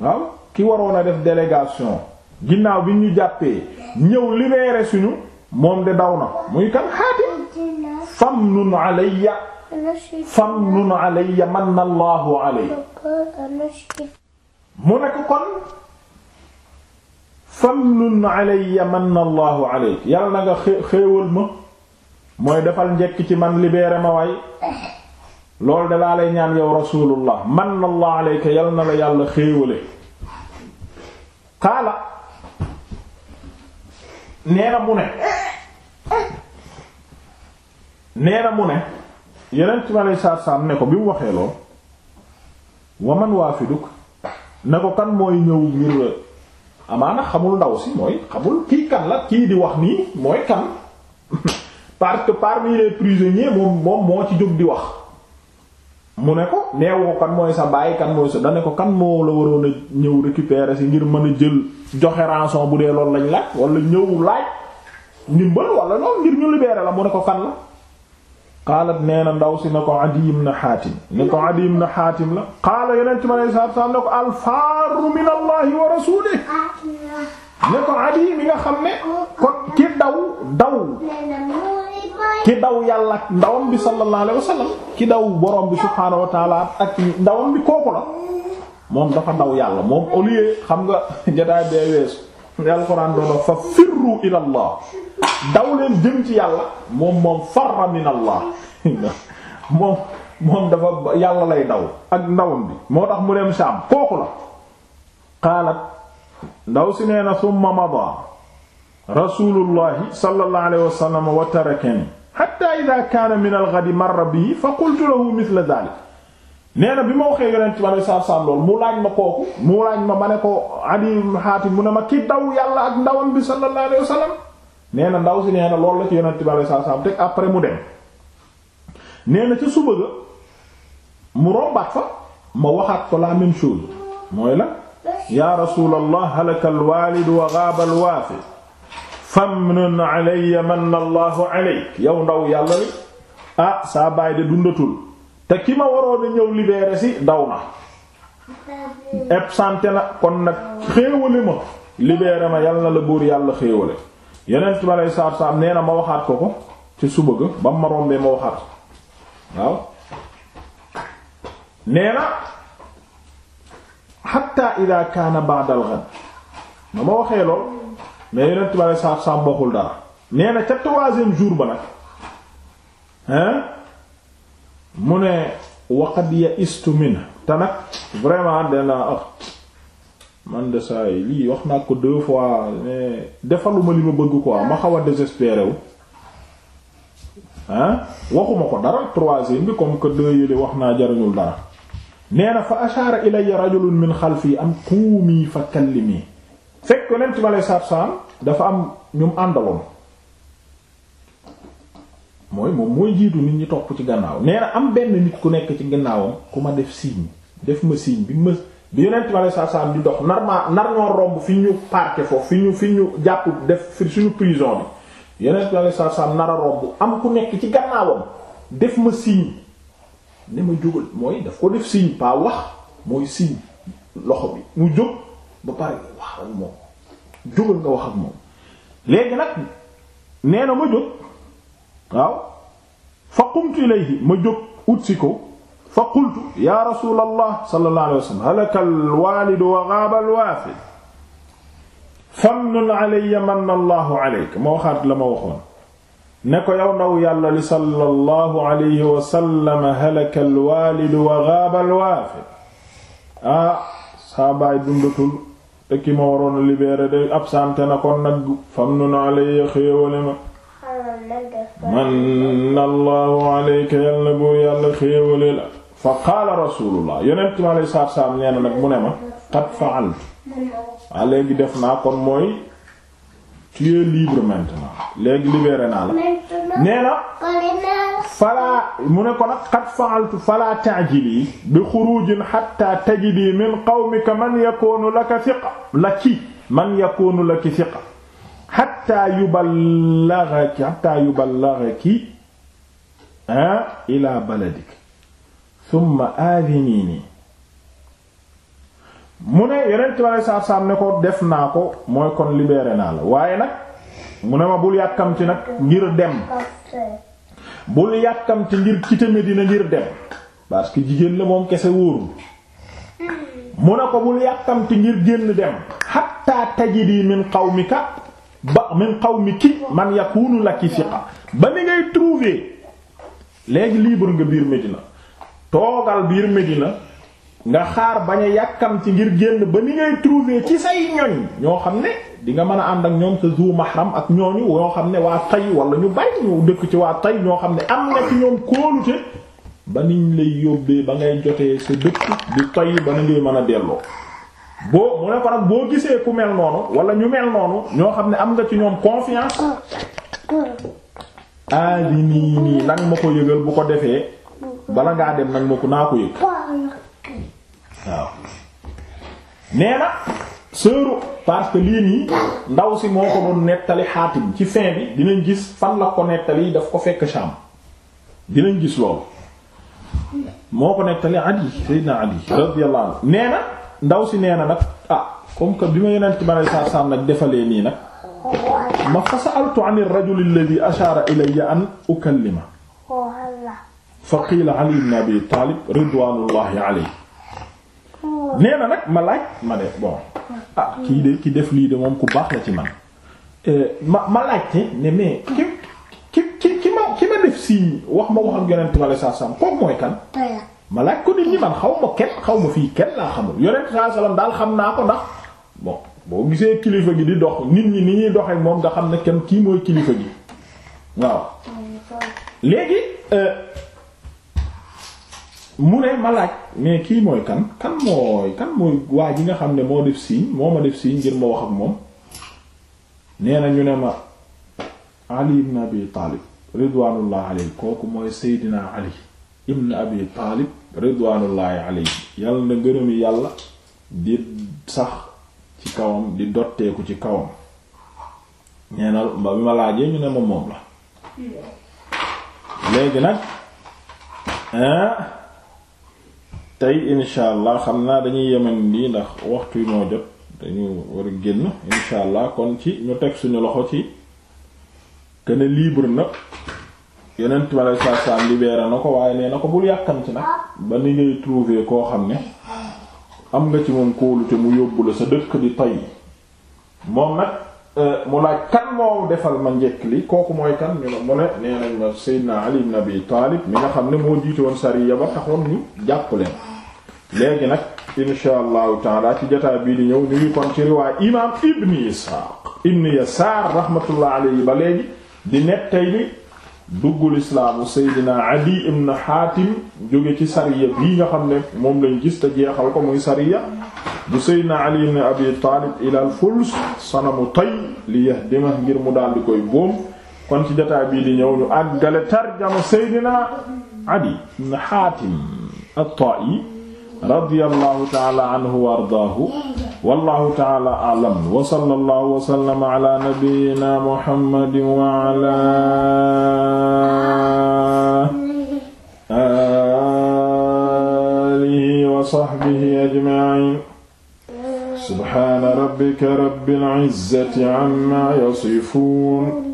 waaw ki waroona def délégation ginnaaw bi ñu jàppee ñëw libérer suñu moom de daw na muy kan Xaatim fam nun alayya fam nun alayya man allahu alayhi mu nekk kon famnun alayya manna allahu alayk yàlla na nga xéewal ma mooy defal njekk ci man libéré ma waay loolu de laa lay ñaan yow rasulullah manna allahu alayka yàlla na la yàlla xéewale qaala nee na mu ne nee na mu ne yeneen ci ma lay saar saam ne ko bi mu waxee lool waman waafiduk ne ko kan mooy ñëw ngir amaana xamul ndaw si mooy xamul kii kan la kii di wax nii mooy kan [LAUGHS] parce que parmi les prisonniers moom moom moo ci jóg di wax mu ne ko neewoo kan mooy sa bàyyi kan mooy sa dane ko kan moo la waroon a ñëw récupérer si ngir mën a jël joxe rançon bu dee loolu lañ laaj wala ñëw laaj ndimbal wala loolu ngir ñu libérer la mu ne ko kan la xaalat nee na ndaw si ne ko Adi na Hatim ne ko Adi ibn Hatim la xaala yonent mi alei satu salaam ne ko alfaaru min ne ko adi mi nga xam ne kon ki daw daw ki daw yàlla ndawam bi sallallahu alayhi ki daw borom bi subhaanahu wa taala ak ndawam bi kooku la moom dafa daw yàlla moom au lieu xam nga [LAUGHS] jotaay bee weesu alxuraan doon fa firru ila daw leen jëm ci yàlla moom moom farra min allah [LAUGHS] moom dafa yàlla lay daw ak ndawam bi moo tax mu dem am kooku la qaalat ndaw si nee na summa mada rasulullahi sallallahu alayhi wa sallam wa tarakani hatta kaana min al-ghadi bi fa qultu lahu mithla dhalik nee bi ma waxee yonent bi alayhi salaatu salaam lool mu laaj ma kooku mu laaj ma ma ne ko Adi Haatim mu ne ma ki daw yàlla ak ndawam bi sallallahu alayhi wa sallam na ndaw si nee na loolu la ci yonent bi alayhi salaatu teg après mu dem nee na ca suba ga mu rombaat fa ma waxaat ko la même mooy la yaa rasuulallah halaka alwaalidu wa gaaba alwaafid famnun alayya manna allahu alayk yow ndaw yàlla li ah saa baay de dundatul te ki ma waroon a ñëw libéré si daw na absenté na kon nag xéewale ma libéré ma yal na la buur yàlla xéewale yeneen ci ma lay saab nee na ma waxaat ko ko ci suba ga ba ma rombee ma waxaat waaw nee na xatta ida kaana ba'dal ghad ma ma waxee lool mais yonent bale saaf saam bokkul dara nee na ca troisième jour ba nag hein mu ne waqad ya'istu minhu te nag vraiment danaa ah man de saa yi lii wax naa ko fois mais defaluma li ma bëgg quoi ma xaw a désespéré wu hein waxuma ko dara troisième bi comme que deux yële wax naa jariñul dara nee na fa ashaara ilayya rajulun xal fii am quumi fa kallimi fekk yonent bi aleyhi salaatu salaam dafa am ñu mu àndaloon mooy moom mooy jiitu nit ñi topp ci gannaaw nee na am benn nit ku nekk ci gannaawam ku ma def signe def ma signe bi ma bi yonent bi aleyhi salaatu salaam di dox nar ma nar ñoo romb fi ñu parqué foofu fi ñu fi ñu jàpp def fi suñu prison bi yonent bi aleyhi salaatu nar a romb am ku nekk ci gannaawam def ma signe. ne ma jógal mooy daf ko def signe pas wax mooy signe loxo bi mu jóg ba pare wax ak moom jógal nga wax ak moom léegi nag nee na ma jóg waaw fa qumtu ilayhi ma jóg utsi ko fa qultu ya rasul allah sallallahu alayhi wa sallam halaka alwalidu wa ghaba alwafid famnun alayya manna allahu alayka ma waxaat la ma waxoon ne ko yow ndaw yàlla li sallallahu alayhi wa sallam halaka alwaalidu wa gaaba alwaafid ah saa baay dundatul ma waroon a libéré day absente na kon nag fam nun alayya xéewale ma man allahu alayka yàlla buur yàlla xéewale la fa qaala rasulullah yonent mi alayhi nag mu ne qad fa'altu waa ah, léegi def naa kon mooy tu es libre maintenant léegi libéré naa la nee na falaa mu ne ko nag qad fa'altu falaa ta'jili bi xurujin hatta tajidi min qawmika man yakunu laka thiqa laki man yakunu laki thiqa hatta yuballaghaki hatta yuballaghaki ah, ila baladik thumma adhinini mu ne yeneen tubaab yi saaf saaf ne ko def naa ko mooy kon libéré naa la waaye nag mu ne ma bul yàkkamti nag ngir dem bul yàkkamti ngir quitter Medina ngir dem parce jigéen la moom kese wóorul mu ne ko bul yàkkamti ngir génn dem hatta tajidi min qawmika ba min qawmiki man yakunu laki siqa ba ni ngay trouver nga biir Medina toogal biir Medina nga xaar bañ a yàkkam ci ngir génn ba ni ngay trouver ci say ñoñ ñoo xam ne di nga mën a ànd ak ñoom sa zu mahram ak ñooñu ñoo xam ne waa tay wala ñu bari ñu dëkk ci waa tay ñoo xam ne am na ba niñ lay ba ngay jotee sa dëkk di tay ba na mën a delloo boo boo gisee ku mel noonu wala ñu mel noonu ñoo xam ne am nga ci ñoom confiance aadi ah nii nii nag ma ko yëgal bu ko defee bala ngaa dem nag ma ko naa ko yëg waaw nee na sëru parce que lii nii ndaw si moo ko doon nettali xaatim ci fin bi dinañ gis fan la ko nettali daf ko fekk Sham dinañ gis loolu moo ko nettali Adi Seydina Adi radiyallahu anhu nee na ndaw si nee na nag ah comme que bi ma yeneen ci bari saa saam nag defalee nii nag ma fa sa'altu 'an ar-rajul alladhi ashara ilayya an ukallima oh fa qiila Ali ibn Abi Talib ridwanullahi alayhi nee na nag ma laaj ma ne bon ah kii de ki def lii de moom ku baax la ci man eh, ma ma laajte ne mais ki ki ki ma ki ma def si wax ma wax ak yonent ma la saa saam kooku mooy kan. ma laaj ko nit ñi man xaw ma kenn xaw ma fii kenn laa xamul yonent saa salaam daal xam naa ko ndax bon boo gisee kilifa gi di dox nit ñi ni ñuy doxee moom nga xam ne kenn kii mooy kilifa gi waaw léegi. Eh, mu ne ma laaj kii mooy kan kan mooy kan mooy waa ji nga xam ne moo def signe moo ma def signe ngir ma wax ak moom nee na ñu ne ma Ali ibn Abi Taalib ridwaanullah kooku mooy Seydina Ali ibn Abi Taalib ridwaanullah na ngërëmi yàlla di sax ci kawam di dotteeku ci kawam nee na ba ñu ne ma moom la léegi nag tey incha allah xam naa dañuy yemen lii ndax waxtu yi moo jot dañu war a génn incha allah kon ci ñu teg suñu loxo ci kene libre nag yeneen ma na ko waaye nee yàkkamti nag ba ni ngay trouver koo xam ne am nga ci moom kóolute mu yóbbu la sa dëkk di tay moom nag euh, mu laaj kan moo defal ma njëkk li kooku mooy kan ñu ne mu ne nee nañ ma Seydina Ali ibn Abi Taalib mi nga xam ne moo jiite woon sariya ba taxoon ñu jàpp leen léegi nag insha allahu taala ci bii di ñëw ñu ngi kon ci riwaay imaam ibn ishaaq ibn yasaar rahmatullah alayhi di nettay bi duggul islaamu seydina adi ibn xaatim jóge ci sariya bii nga xam ne moom lañ gis te jeexal ko muy sariya bu seydina ali ibn abi taalib ilal fuls sanamu tay li yahdima ngir mu daal di koy boom kon ci jotaay bii di ñëw ñu àggale tarjama seydina adi ibn xaatim at-ta'i radiyallahu ta'ala anhu wa ardaahu wallahu ta'ala a'lam wa sallallahu wa sallama ala nabiyyina muhammadin wa ala alihi wa sahbihi ajma'in subhana rabbika rabbil izzati amma yasifun